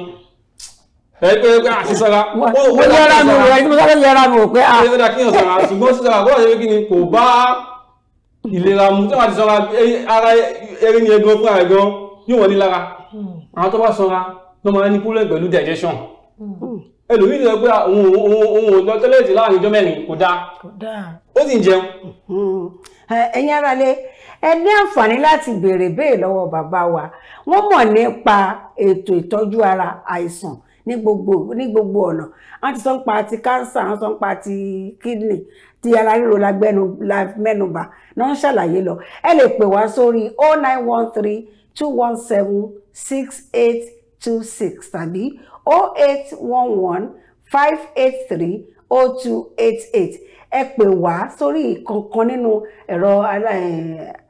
Speaker 1: ẹgbẹ́ àṣìṣọ́ra ó yẹra mi rẹ̀ tí mo yẹra mi rò pé a. ẹgbẹ́ kí yàn sọ̀rọ̀ ṣùgbọ́n sísọ̀rọ̀ àbúrò àṣẹ kí ni kò bá ìlera mu tí wọ́n ti sọ̀rọ̀ ara erin yẹn gan fúnra rẹ̀ gan yóò wọ́n ní lára. Hmm àwọn tó bá sanra ló máa ń ní problem pẹ̀lú digestion mm-hmm. ẹlòmíì ti sọ pé ah, òun òun òun lọ tọ́lẹ̀tì láàrin ọjọ́ mẹ́rin kò dáa ó sì ń jẹun.
Speaker 2: Mm-hmm. Eh, ẹ̀yin aráalé ẹ ní àǹfààní láti béèrè béèrè lọ́wọ́ bàbá wa wọ́n mọ̀ nípa ètò ìtọ́jú ara àìsàn ní gbogbo ní gbogbo ọ̀nà wọ́n ti sọ nípa ti kánsà wọ́n sọ nípa ti kídìnì ti ara ríro la mẹ́nubà náà ń ṣàlàyé lọ ẹ lè pè wá sórí 0913217 six eight two six tàbí o oh eight one one five eight three o oh two eight eight ẹ pè wá sórí ìkọ̀ọ̀kan nínú ẹ̀rọ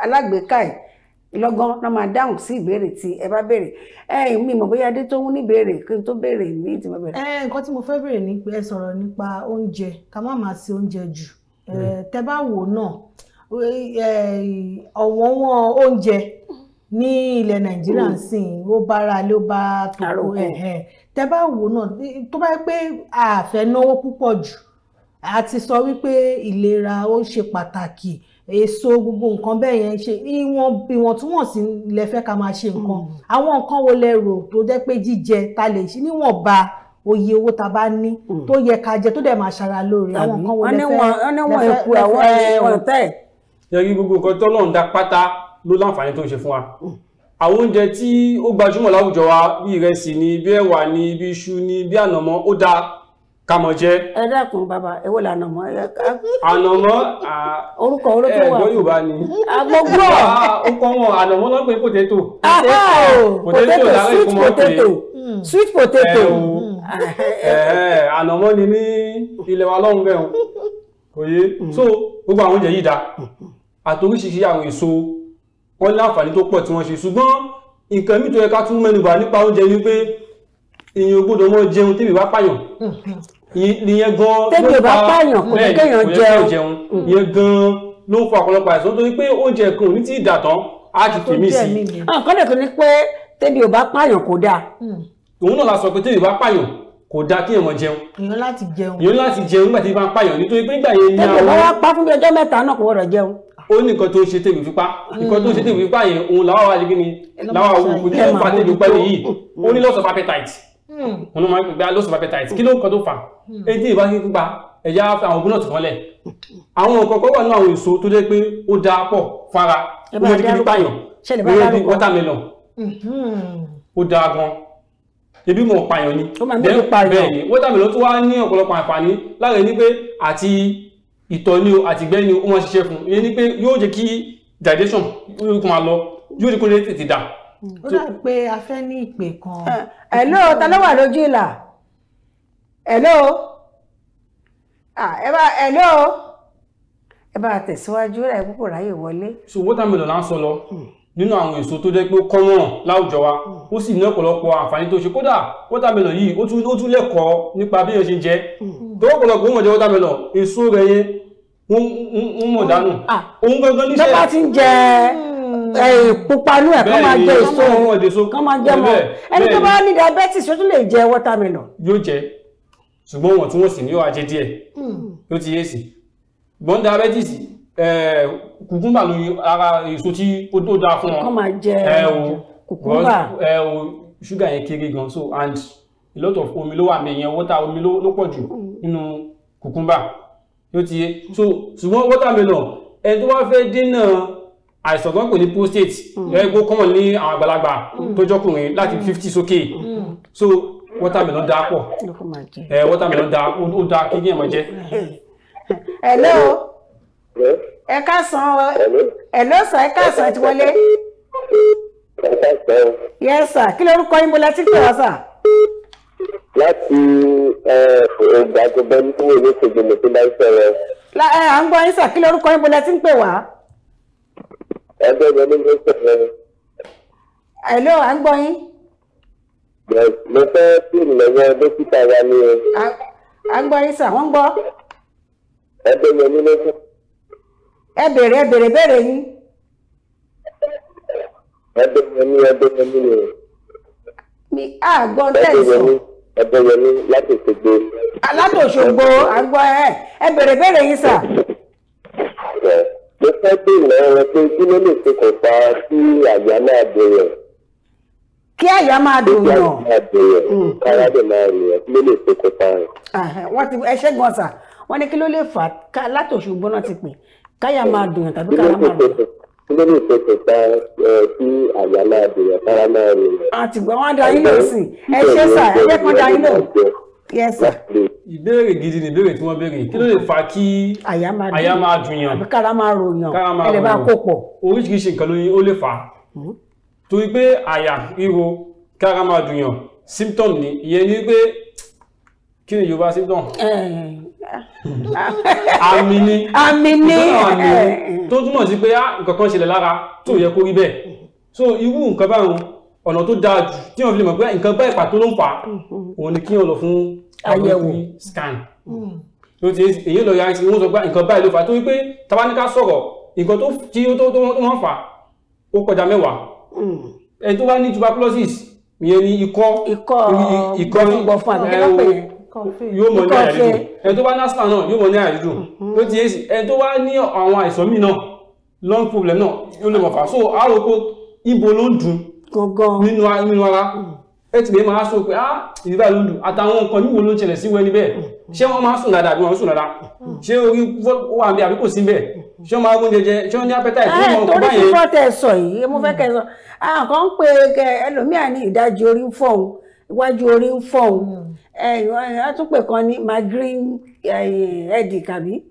Speaker 2: alágbèéká ẹ̀ lọ́gán lọ́ máa dáhùn sí ìbéèrè tí ẹ bá béèrè ẹ mi mọ̀ bóyá adé tó ń ní béèrè kí n tó béèrè ní ìtìmọ̀ béèrè. ẹ nǹkan tí mo fẹ́ béèrè ni pé ẹ sọ̀rọ̀ nípa oúnjẹ ká má máa ṣe oúnjẹ jù hmm. tẹ bá wò náà ọ̀wọ́n oúnjẹ ní ilẹ̀ nàìjíríà hmm. ń sìn ó bára ló bá tòkó tẹ bá wò náà tó bá pé àfẹ́ púpọ̀ jù a ti sọ wípé ìlera ó ṣe pàtàkì èso gbogbo nǹkan bẹ́ẹ̀ yẹn ṣe ìwọ̀n ìwọ̀ntúnwọ̀nsì lẹ fẹ́ ká máa ṣe nǹkan hmm. àwọn nǹkan wo lẹ rò tó jẹ́ pé jíjẹ ta lè ṣe níwọ̀nba oye owó ta bá ní hmm. tó yẹ ká jẹ tó dẹ̀ máa ṣara lóore àwọn nǹkan wo lẹ fẹ́ lẹ fẹ́ lẹ fẹ́. wọ́n ní wọ́n èkó àwọn ẹ̀wọ̀n
Speaker 1: tẹ́ ẹ̀. yẹ kí gbogbo nǹkan tọ́lọ́run dá pátá ló láǹfààní tó ń ṣe fún wa àwọn oúnjẹ tí ó gbajúmọ̀ láwùjọ wa bí ìrẹsì ni bí ẹ̀wà ni bí iṣu ni bí ànàmọ́ ó dáa ká mọ jẹ. ẹ dákun
Speaker 2: bàbá ẹ wò lè ànàmọ́.
Speaker 1: ànàmọ́ orúkọ olóko wà ẹgbọn yorùbá ni. agbọgbọ. ó kọ́ wọn ànàmọ́ náà pé ah, ah, oh, potato. potato hmm. sweet potato sweet potato. ànàmọ́ ni ní ilẹ̀ wa lọ́hùn bẹ́ẹ̀ o hmm. so gbogbo àwọn oúnjẹ yìí dáa àtòríṣiríṣi àwọn èso wọ́n láǹfààní tó pọ̀ tí wọ́n ṣe ṣùgbọ́n nǹkan mi tó yẹ ká tún mẹ́nubà nípa oúnjẹ wípé èèyàn gbọ́dọ̀ mọ́ jẹun tẹ́bi bá pààyàn ìyẹn gan tẹ́bi bá pààyàn kò ní kéèyàn jẹun ìyẹn gan ló ń fa ọ̀pọ̀lọpọ̀ àìsàn tó ní pé oúnjẹ kan ò ní tí ì dà tán á ti tèmi sí i.
Speaker 2: Ah, nǹkan lè kó ní pé tẹ́bi ò bá pààyàn kò dáa. Hmm.
Speaker 1: òun náà la sọ pé tẹ́bi bá pààyàn kò dáa kí èèyàn jẹun.
Speaker 2: èèyàn láti jẹun.
Speaker 1: èèyàn láti jẹun nígbà tí bá ń pààyàn nítorí pé nígbà yẹn ni àwọn. tẹ́bi bá wá
Speaker 2: pa fún
Speaker 1: ó ní nǹkan tó ṣe tèmi fipá nǹkan tó ṣe tèmi fipá yẹn òun làwọn wà lẹ́gbẹ̀ẹ́ ni làwọn àwọn òkú jẹ́ fà tèmi pẹ́lú yìí hmm. ó ní loss of appetite hmm. òun máa ń pè pé ah, loss of appetite kí ló ń kọ́ tó fà etí ìbá kí pípa ẹ̀yà àwọn ògùn náà ti kàn lẹ̀ àwọn nǹkan kan wà ní àwọn èso tó jẹ́ pé ó da pọ̀ fara ó mọ̀ ní kí pípa yàn lórí bí watermelon hmm. ó da gan ebi mọ̀ pààyàn ni bẹ́ẹ̀ ni watermelon tó wá ní ọ̀pọ̀lọpọ̀ àǹfààní láàrin ní pé àti ìtọ̀ ni o àtìgbẹ́ ni o ó máa ṣiṣẹ́ fún ìyẹn ni pé yóò jẹ́ kí digestion yóò kó lọ yóò jẹ́ kó lè tètè dà.
Speaker 2: ó dà pé a fẹ́ ní ìpè kan. hello ta ló wà lójú ìlà hello ẹ bá hello ẹ bá tẹ̀síwájú rẹ̀ púpọ̀ ráyè wọlé.
Speaker 1: so watermelon là ń sọ lọ hmm. nínú àwọn èso tó jẹ́ pé ó kọ́mọ̀ràn láwùjọ wa hmm. ó sì ní ọ̀pọ̀lọpọ̀ àǹfààní tó ṣe kódà watermelon yìí ó tún lẹ́kọ̀ọ́ nípa bí èèyàn ṣe ń jẹ hmm. tó ọ̀pọ̀lọpọ̀ ó mọ̀ jẹ́ watermelon èso rẹ̀ yẹn ń mọ̀ dànù ah. òun gangan níṣẹ́ tó ti ń jẹ hmm. eh, pupa inú ẹ̀ kán máa jẹ èso kán máa jẹ mọ́ ẹni tó bá
Speaker 2: ní diabetes ó tún lè jẹ watermelon.
Speaker 1: yóò jẹ ṣùgbọ́n wọ̀n tí wọ́n sì ní yóò ajẹ díẹ̀ ló hmm. ti yé sí gbọ́n diabetes eh, kùkúmbà ló ara èso tí ó tó dáa fún wọn kán máa jẹ eh, kùkúmbà ṣúgà yẹn kéré gan so and a lot of omi ló wà mẹ́yẹn water omi ló pọ̀ jù hmm. nínú kùkúmbà yóò ti yé so ṣùgbọ́n watermelon ẹni tó wá fẹ́ dínà àìsàn tó ń pè ní prostate ẹgbẹ́ common ní àwọn àgbàlagbà mm. tó jọkùnrin láti mm. fifty sókè mm. so watermelon dáa pọ̀ ẹ watermelon dáa ó dáa kí ní ẹ̀mọ́ jẹ́.
Speaker 2: hello ẹ káàsán hello sir ẹ káàsán ti wọlé. yes sir kí lorúkọ yín bó lẹ ti
Speaker 1: wá sir láti ọgbà àjọbẹ ní ìwé ìṣègùn ló ti bá iṣẹ́ rẹ.
Speaker 2: ẹ à ń gbọ́ yín sà kí lórúkọ yín bọ́lá ti ń pè wá.
Speaker 1: ẹgbẹ́ mi ní ìwé ìṣègùn rẹ.
Speaker 2: hello à ń gbọ́ yín.
Speaker 1: mo fẹ́ kí ìrìnàjò dókítà wa ní o.
Speaker 2: à ń gbọ́ yín sà wọ́n ń gbọ́.
Speaker 1: ẹgbẹ́ mi ní ìwé ìṣègùn.
Speaker 2: ẹ bèrè ẹ bèrè bèrè yín.
Speaker 1: ẹgbẹ́ mi ní ẹgbẹ́ mi ní o.
Speaker 2: mi àgbọ̀n tẹ̀sán.
Speaker 1: Ẹ̀dọ́yẹmí láti Òṣogbo.
Speaker 2: Alátòṣogbo àgbọ̀ ẹ̀ ẹ bèrè bèrè yín sà.
Speaker 1: Mo fẹ́ bèèrè ọ̀rọ̀ pé kí ló lè ṣokùnfà kí àyà máa bẹ̀rẹ̀.
Speaker 2: Kí àyà máa dùn yàn. Kí àyà máa bẹ̀rẹ̀ kára dè máa rìn ẹ̀ kí ló lè ṣokùnfà rẹ̀. Wọ́n ti ẹ ṣẹ́gun ọ̀sà wọ́n ní kí ló lè fà á látòṣogbo náà ti pè káyà máa dùn yàn tàbí kára máa dùn
Speaker 1: yàn ló lè ṣokùnfà kí àyà máa bèrè fara máa rè é.
Speaker 2: àtìgbà wọn da yín lòun sí ẹ ṣe sà ẹ jẹ́ kán da yín
Speaker 1: lòun. ìbéèrè gidi ni ìbéèrè tí wọ́n béèrè kí ló lè fa kí
Speaker 2: àyà máa dùn yàn àbí kára máa rò yàn ẹ lè máa kó
Speaker 1: pọ̀. oríṣiríṣi nǹkan ló ní ó lè fà á hmm? torí pé àyà ríro kára máa dùn symptom ni ìyẹn ni pé kí ni Yorùbá symptom àmì ni àmì ni eh. tó túmọ̀ sí pé ah, nǹkan kan ṣẹlẹ̀ lára tó yẹ kó rí bẹ́ẹ̀ so irú nǹkan báwọn ọ̀nà tó dáa jù tí wọ́n fi lè mọ̀ pé nǹkan báyìí pàtó ló ń fà á òun ni kí wọ́n lọ fún àyẹ̀wò scan tó hmm. ti èyí lọ ya ti wọ́n sọ pé nǹkan báyìí ló fà á torí pé tabaníká sọ̀rọ̀ nǹkan tó tí ó tó wọ́n fà á ó kọjá mẹ́wàá hmm. ẹni tó bá ní tuberculosis ìyẹn ni ikọ́ ikọ́ ikọ́ ní yóò mọ ní àyà dídùn ẹni tó bá ní asthma náà yóò mọ ní àyà dídùn mm-hmm. ó ti yé sí ẹni tó bá ní àwọn àìsàn míì náà lung problem náà yóò lè mọ̀ fà so àrò pé ibo ló ń dùn nínú ara mm. ẹ ti lè máa sọ pé ah ìdíbà ló ń dùn àtàwọn nǹkan yìí wo ló ń ṣẹlẹ̀ sí wẹ́ni bẹ́ẹ̀ mm. ṣé wọ́n máa sùn dáadáa àbí wọ́n sùn dáadáa mm. ṣé orí wà ń bẹ àbí kò sí bẹ́ẹ̀ ṣé wọ́n máa gún jẹjẹ ṣé wọ́n ní appetite ṣé wọ́n eh, kọ́ báyẹn. torí fífọ́
Speaker 2: tẹ sọ yìí mo fẹ́ kẹ́ sọ àwọn kan ń pe ẹlòmíà ní ìdajì orí ń fọ́ òun iwájú orí ń fọ́ òun ẹ tún pè kan ní migraine headache àbí.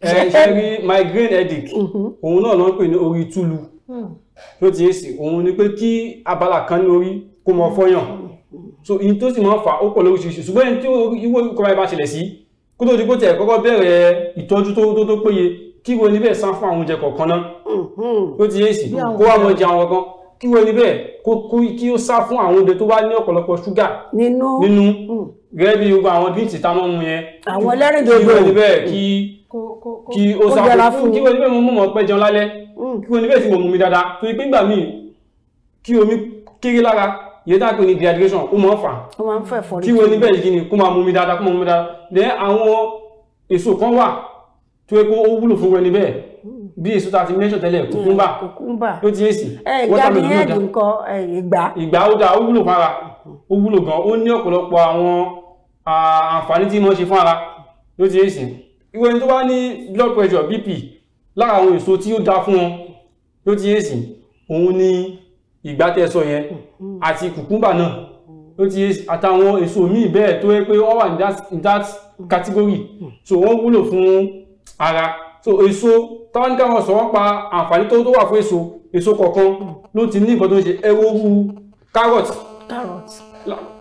Speaker 1: ẹ ṣe rí migraine headache mm-hmm. òun náà ló ń pè ní orí túlu tó hmm. ti yé sí òun ni pé kí abala kan ní orí kó mọ fọyàn so in tó sì máa ń fà ó pọ̀ lóríṣiríṣi ṣùgbọ́n in tí ìwé ìkọ́ báyìí bá ṣẹlẹ̀ sí kó tó di pé tiẹ̀ kọ́kọ́ bẹ̀rẹ̀ ìtọ́jú tó tó péye kí wo ni bẹ́ẹ̀ san fún àwọn oúnjẹ kọ̀ọ̀kan náà tó mm-hmm. ti yé sí kó wá mọ jẹ àwọn kí wọ́n ní bẹ́ẹ̀ kó kú kí ó sá fún àwọn oúnjẹ tó wá ní ọ̀pọ̀lọpọ̀ ṣúgà nínú nínú hmm. gẹ́gẹ́ bí gbogbo àwọn drinks tá mọ́ mu yẹn àwọn ẹlẹ́rìn dòdò kí ní bẹ́ẹ̀ hmm. kí kí ó sá fún kí wọ́n ní bẹ́ẹ̀ mo mú mọ̀ pẹ́ jẹun lálẹ́ hmm. kí wọ́n ní bẹ́ẹ̀ sì mọ̀ mú mi dáadáa torí pé nígbà míì kí omi kéré lára ìyẹn tá a pè ní dehydration ó máa ń fà kí wọ́n ní bẹ́ẹ̀ yìí ni kó máa mú mi dáadáa kó máa mú mi dáadáa bí èso tá a ti mention tẹ́lẹ̀ eh, kùkúmbà ló ti yé sí. ìgbàdí yẹn
Speaker 2: nǹkan eh, ìgbà.
Speaker 1: ìgbà ó dáa ó wúlò fún ara ó wúlò gan ó ní ọ̀pọ̀lọpọ̀ àwọn àǹfààní tí wọ́n ṣe fún blood pressure bp lára àwọn èso tí ó dáa fún wọn ló ti yé sí òun ni ìgbà tẹ̀sọ̀ yẹn àti kùkúmbà náà ó ti àtàwọn èso míì bẹ́ẹ̀ tó yẹ pé wọ́n wà ní so èso táwọn ká wọn sọ wọn pa àǹfààní tó tó wà fún èso èso kọ̀ọ̀kan ló ti ní nǹkan tó ń ṣe ẹ wo wu carrot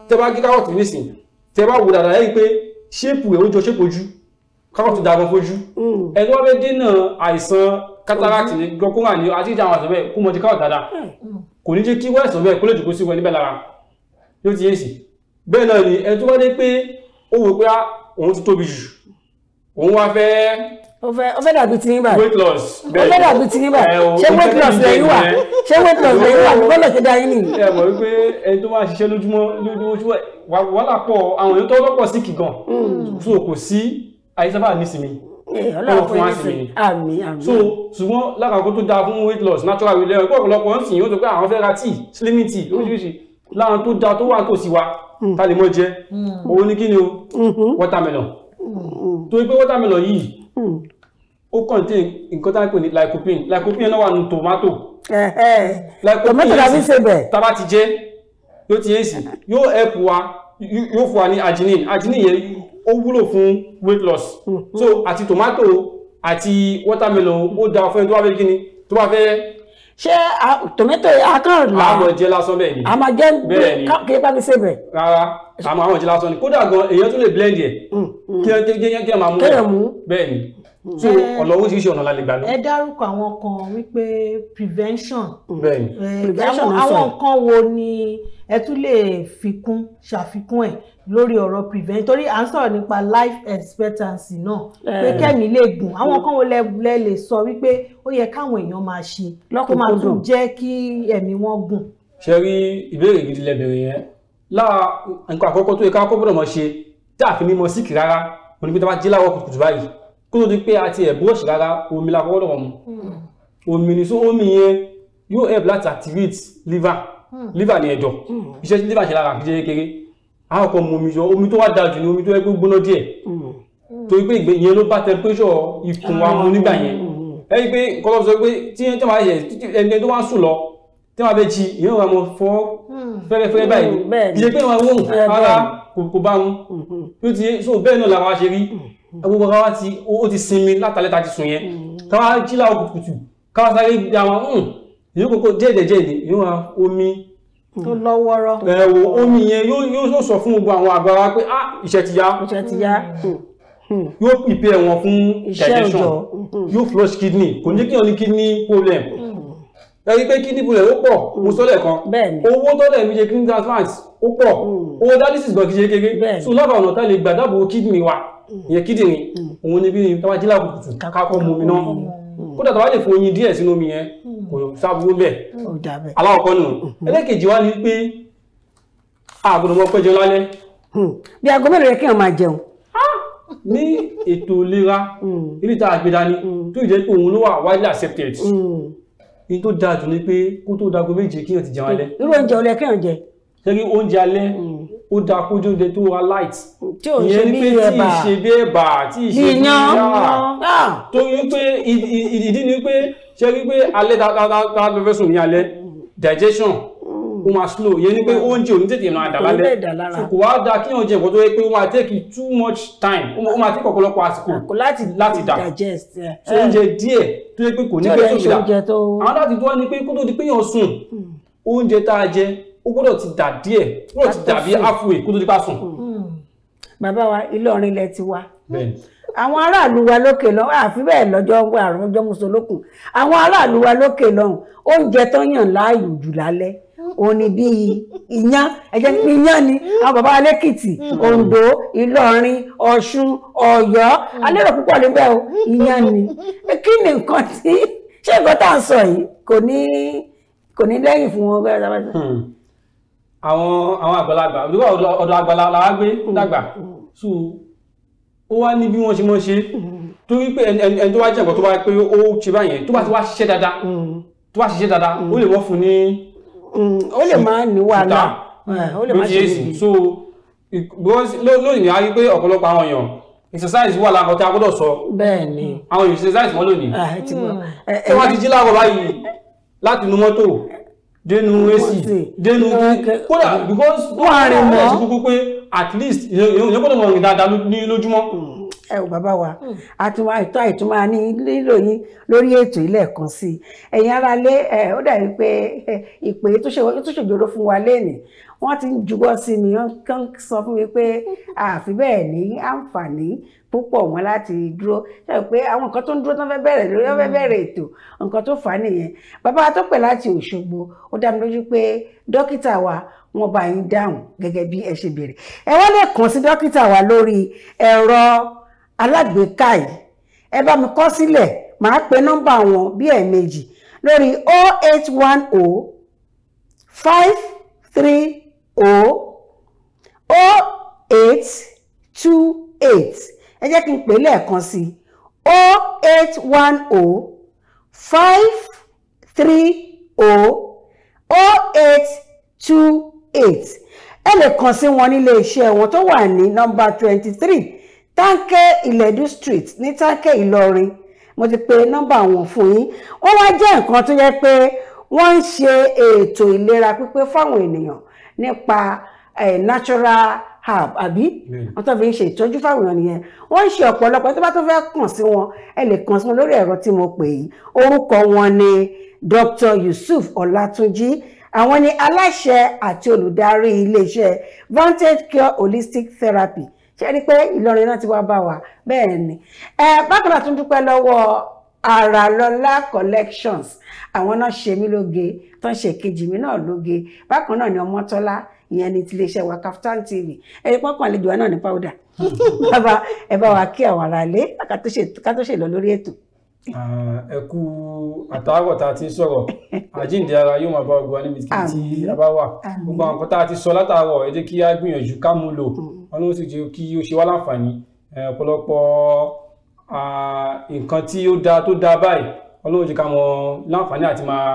Speaker 1: tẹ bá gé carrot nísìn tẹ bá wò dáadáa yìí pé ṣéèpù ẹ̀ ó ṣéèpù ojú carrot dàgbọn fojú mm. ẹ tó wá fẹ́ àìsàn cataract ní glaucoma ní àti ìjà àwọn àìsàn bẹ́ẹ̀ kó mọ ti carrot dáadáa mm. kò ní jẹ́ kí wọ́n ẹ̀sán bẹ́ẹ̀ kó lè jòkó sí wọn níbẹ̀ lára yóò ti yé sí bẹ́ẹ̀ náà ni ẹ tó wá dé pé ó wò pé ah, òun ti tóbi jù òun wá fẹ́ o fẹ́ o fẹ́ dàbí weight loss bẹ́ẹ̀ o fẹ́ dàbí ti yín weight loss lẹ́yìn wà ṣé weight loss lẹ́yìn wà bọ́ọ̀lù ṣe da yín nìyí. ẹ mọ̀ wípé ẹni tó máa ṣiṣẹ́ lójúmọ́ lójúmọ́ wàhálà pọ̀ àwọn èèyàn tó lọ́pọ̀ sí kì gan hmm. so kò sí àyíṣẹ́fà nísìmí
Speaker 2: eh, ọlọ́run fún wa sí
Speaker 1: àmì àmì so ṣùgbọ́n lákàkó tó dáa fún weight loss natural way lẹ́yìn ọ̀pọ̀lọpọ̀ ń sìn yóò tó pé àwọn fẹ́ ra tea slimming tea lóríṣiríṣi hmm. láwọn tó dáa tó wà tó wa hmm. ta lè mọ jẹ òun ni kí ni o watermelon torí pé watermelon yìí Hmm. ó contain nǹkan tá a pè ní lycopene lycopene náà wà nù tomato tomato la fi ṣe bẹ̀. tábà ti jẹ́ ló ti yé sí yóò help wa yóò fún wa ní arginine arginine yẹn ó wúlò fún weight loss hmm. so àti tomato àti watermelon ó da fún ẹni tó bá fẹ́ kí ni tó bá fẹ́ ṣé tòmẹ́tò akán la àwọn jẹ lásán bẹ́ẹ̀ ni a máa jẹ bẹ́ẹ̀ ni kí ẹ bá ti ṣe bẹ́ẹ̀. rárá àmọ́ àwọn jẹ lásán ni kódà gan èèyàn tún lè blend yẹ mm, mm. kí ẹ kí ẹ kí ẹ máa mú ẹ bẹ́ẹ̀ ni so ọ̀nà oríṣiríṣi ọ̀nà la lè gbà lọ. ẹ
Speaker 2: dárúkọ àwọn kan wípé prevention
Speaker 1: mm. bẹ́ẹ̀ ni prevention ló àwọn
Speaker 2: nǹkan wo ni ẹ tún lè fikún ṣàfikún ẹ lórí ọ̀rọ̀ prevent torí à ń sọ̀rọ̀ nípa life expectancy náà pé kẹ́mi lè gùn àwọn kan wo lẹ lè sọ wípé ó yẹ káwọn èèyàn máa ṣe kó máa tún jẹ́ kí ẹ̀mí wọn gùn.
Speaker 1: ṣe rí ìbéèrè gidi lẹ́bẹ̀rẹ̀ yẹn lára nǹkan àkọ́kọ́ tó yẹ ká kó gbọ́dọ̀ mọ̀ ṣe tá a fi mímọ síkì rárá onígbé tá a bá jí láwọ̀ kùtùkùtù báyìí kó tó di pé a ti ẹ̀ búrọ̀ṣì rárá omi la kọ́kọ́ dọ̀rọ̀ mu hmm. omi ni so omi yẹn yóò help láti activate liver hmm. liver ni ẹ̀dọ̀ hmm. iṣẹ́ tí liver ṣe lára kìí ṣe a àwọn ọkọ̀ mu omi yọ omi tó wá da jù ni omi tó yẹ kó gbóná díẹ̀ torí pé ìgbẹ́ yẹn ló bá temperature ikùn wa mu ah. nígbà yẹn ẹni pé kọ́lọ́ sọ pé tí ẹni tó máa yẹ ẹni tó máa sùn lọ tí wọ́n bẹ jí ìyẹn wọn mọ fọ́ hmm. fẹ́rẹ́fẹ́rẹ́ hmm. báyìí ìyẹn pé wọn wọ́n ara kò bá wọn tó hmm. ti so bẹ́ẹ̀ náà làwọn aṣe rí gbogbo ara wa ti ó ti sinmi látàlẹ́ ta ti sùn yẹn káwá jí láwọn kùtùkùtù káwá sáré gba wọn ìyẹn kókó jẹ́ẹ̀dẹ̀jẹ́ẹ̀dẹ̀ ìyẹn wọn omi
Speaker 2: tó lọ́wọ́rọ́
Speaker 1: ẹ̀wọ̀ omi yẹn yóò sọ fún gbogbo àwọn àgbà wa pé ah ìṣẹ́ ti yá ìṣẹ́ ti yá Hmm. yóò prepare wọn fún digestion hmm. yóò flush kidney kò ní kí wọn ní kidney problem hmm. ẹ rí pé kidney problem ó pọ̀ mo sọ lẹ́ẹ̀kan owó tó lẹ́ẹ̀ fi ṣe kidney transplant ó pọ̀ owó dialysis gan kì í ṣe kékeré so lábàá ọ̀nà tá lè gbà dáàbò kidney wa ìyẹn kidney òun ni bí ni táwa jí làbùkù kákọ́ mu omi náà kódà tó wá lè fún oyin díẹ̀ sínú omi yẹn kò sábúrú bẹ́ẹ̀ aláwọ̀kọ́ nù ẹlẹ́kejì wá ní pé àgùnà ọmọ pẹ́jọ lálẹ́. bí aago mélòó yẹ kí wọn máa jẹun ní ètò ìlera mm. ilé tá a gbé dání mm. tó ìjẹ́ pé òun ló wà widely accepted mm. ní tó dáa jù ni pé kó tó dago méje kéèyàn ti jẹun alẹ́. irú oúnjẹ olè kéèyàn jẹ. sẹ́rí oúnjẹ alẹ́ ó dáa kójú oúnjẹ tó wà light. tí ò ń ṣe bí ẹ̀bà ìyẹn ni pé tí ì ṣe bí ẹ̀bà tí ì ṣe bí yá ah. torí pé ìdí ni pé sẹ́rí pé alẹ́ ta ta ta lọ fẹ́ sùn ní alẹ́ digestion ó máa slow yẹn ni pé oúnjẹ ò ní tètè máa dà lálẹ́ so kò wá da kí oúnjẹ nǹkan tó yẹ pé ó máa take too much time ó máa take ọ̀pọ̀lọpọ̀ àsìkò láti dà eh, so oúnjẹ díẹ̀ tó yẹ pé kò ní pé tó fi dà àwọn láti tó wá ni pé kó tó di pé yàn sùn hmm. oúnjẹ tá a jẹ ó gbọ́dọ̀ ti dà díẹ̀ ó gbọ́dọ̀ ti dà bí halfway kó tó di pa sùn. Hmm.
Speaker 2: bàbá wa Ìlọrin lẹ ti wá àwọn aráàlú wa lókè lọ́hùn àfi bẹ́ẹ̀ lọ́jọ́ àrùn ọjọ́ mùsùlùkùn àwọn aráàlú wa lókè lọ́hùn oúnjẹ tó yàn láàyò jù lálẹ́ òun ni bí iyán ẹ̀jẹ̀ ní iyán ni àwọn bàbá alẹ́kìtì hmm. Oǹdó Ìlọrin Ọ̀ṣun Ọ̀yọ́ alẹ́rọ̀ hmm. púpọ̀ níbẹ̀ o iyán ni kí ni nǹkan tí ṣé nǹkan tá à ń sọ yìí kò ní kò ní lẹ́yìn fún wọn gbẹ́rẹ́ sábàtà. Hmm.
Speaker 1: àwọn àwọn àgbàlagbà òdúgbò ọ̀dọ̀ àgbàlagbà làwọn gbé dàgbà so ó wá ní bí wọ́n ṣe mọ́ ṣe torí pé ẹni tó wá jẹ́ nǹkan tó bá pé ó ṣe báyẹn tó bá ti wá ṣiṣẹ́ dáadáa tó bá ṣiṣẹ́ dáadáa ó lè wọ́n fún ní Mm, ó lè máa ní wàhálà
Speaker 2: eh, ó lè máa ṣe níbi.
Speaker 1: so lónìí a rí pé ọ̀pọ̀lọpọ̀ àwọn èèyàn exercise wà lákọ̀ọ́ tí a gbọ́dọ̀ sọ
Speaker 2: bẹ́ẹ̀ni
Speaker 1: àwọn èèyàn exercise wọn lónìí eh, hmm.
Speaker 2: eh, tí wọ́n ti jí láàárọ̀ báyìí
Speaker 1: láti inú mọ́tò dénú ac dénú kódà because wọ́n á rìn mọ́ àti kúkú pé at least èèyàn gbọ́dọ̀ mọ̀ rìn dáadáa lójúmọ́. Hmm ẹ ò bàbá
Speaker 2: wa àtúmọ̀ àìtọ́ àìtúmọ̀ a ní lílò yín lórí ètò ilé ẹ̀kan sí i ẹ̀yin ara lé ẹ̀ ó dàbí pé ìpè tó ṣèjọrọ fún wa lẹ́nìí wọ́n ti ń juwọ́ sí mi wọ́n sọ fún mi pé àfi bẹ́ẹ̀ ní àǹfààní púpọ̀ wọn láti dúró ṣe pé àwọn nǹkan tó ń dúró tó fẹ́ bẹ̀rẹ̀ lórí ó fẹ́ bẹ̀rẹ̀ ètò nǹkan tó fà á nìyẹn bàbá wa tó pè láti Òṣogbo ó dá mi lójú pé dókítà wa wọ́n bá yín dáhùn gẹ́gẹ́ bí ẹ ṣe béèrè ẹ wá lè kàn sí dókítà wa lórí ẹ̀rọ alágbèéká yìí ẹ bá mi kọ sílẹ̀ màá pe nọ́mbà wọn bí ẹ̀ẹ̀mejì lórí 0810 530 0828 ẹ jẹ́ kí n pè lẹ́ẹ̀kan sí 0810 530 0828 ẹ lè kàn sí wọn nílé iṣẹ́ wọn tó wà ní nọ́mbà 23 táǹkẹ́ ìlẹ́dú street ní táǹkẹ́ ìlọrin mo ti pe nọ́mbà wọn fún yín ó wá jẹ́ nǹkan tó yẹ pé wọ́n ń ṣe ètò ìlera pípé fáwọn ènìyàn nípa natural herb àbí wọ́n tó fi ń ṣe ìtọ́jú fáwọn èèyàn nìyẹn wọ́n ń ṣe ọ̀pọ̀lọpọ̀ tó bá tó fẹ́ kàn sí wọn ẹ lè kàn sí wọn lórí ẹ̀rọ tí mo pè yìí orúkọ wọn ni Dr. Yusuf Ọlátúnjí àwọn ni aláṣẹ àti olùdarí iléeṣẹ́ Vantage Care Holistic Therapy ṣe ni pé Ìlọrin náà ti wá bá wa bẹ́ẹ̀ ni bákan náà tún dúpẹ́ lọ́wọ́ Àràlọ́lá collections àwọn náà ṣe mí lóge tó ń ṣe kejì mi náà lóge bákan náà ni Ọmọ́tọ́lá ìyẹn ni tiléeṣẹ́ wa Kaftan TV ẹni pọ́kàn àlejò wa náà ní powder bàbá ẹ bá wa kí àwọn ará ilé ká tó ṣe lọ lórí ètò.
Speaker 1: ẹ kú àtàárọ̀ tá a ti sọ̀rọ̀ àjíǹde ara yóò máa bá ọgbọ́n níbi tí a bá wà gbogbo àwọn nǹkan tá a ti sọ látàárọ̀ ẹ jẹ́ kí á gbìyànjú ká mú lò. Mm wọn ló sì jẹ́ kí ó ṣe wá láǹfààní ọ̀pọ̀lọpọ̀ nǹkan tí ó dáa tó dáa báyìí wọn ló jẹ́ ká mọ láǹfààní àti máa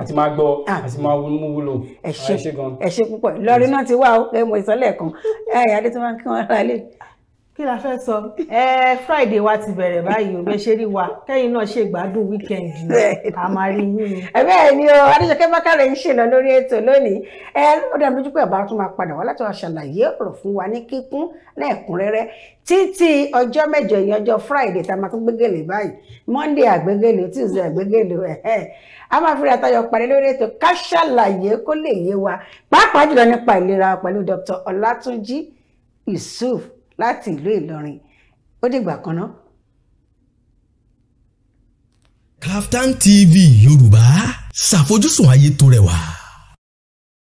Speaker 1: àti máa gbọ́ àti máa mú wúlò ẹ ṣé gan. ẹ ṣé púpọ̀ lọ́rí náà ti
Speaker 2: wá ẹ mọ kan ẹ àdé máa ń kí wọ́n rà lé kí la fẹ́ sọ ẹ friday wa ti bẹ̀rẹ̀ báyìí ò bẹ ṣe rí wa kẹ́yìn náà ṣe gbádùn weekend a máa rí yín. bẹ́ẹ̀ ni o adéjọkẹ́ bákàrẹ̀ ń ṣèlọ lórí ètò lónìí ẹ ó dá mi lójú pé àbára tún máa padà wá láti wá ṣàlàyé ọ̀rọ̀ fún wa ní kíkún lẹ́ẹ̀kúnrẹ́rẹ́ títí ọjọ́ mẹ́jọ ìyẹn ọjọ́ friday tá a máa tún gbégèlè báyìí monday àgbégèlè tuesday àgbégèlè ẹ̀hẹ́ a máa fi ràtayọ parí lórí ètò ká ṣàlàyé kó lè yé wa pàápàá jùlọ nípa ìlera pẹ̀lú dr ọlátúnjí yusuf láti ìlú Ìlọrin ó dìgbà kan náà.
Speaker 1: Kaftan TV Yorùbá ṣàfojúsùn ayé tó rẹwà.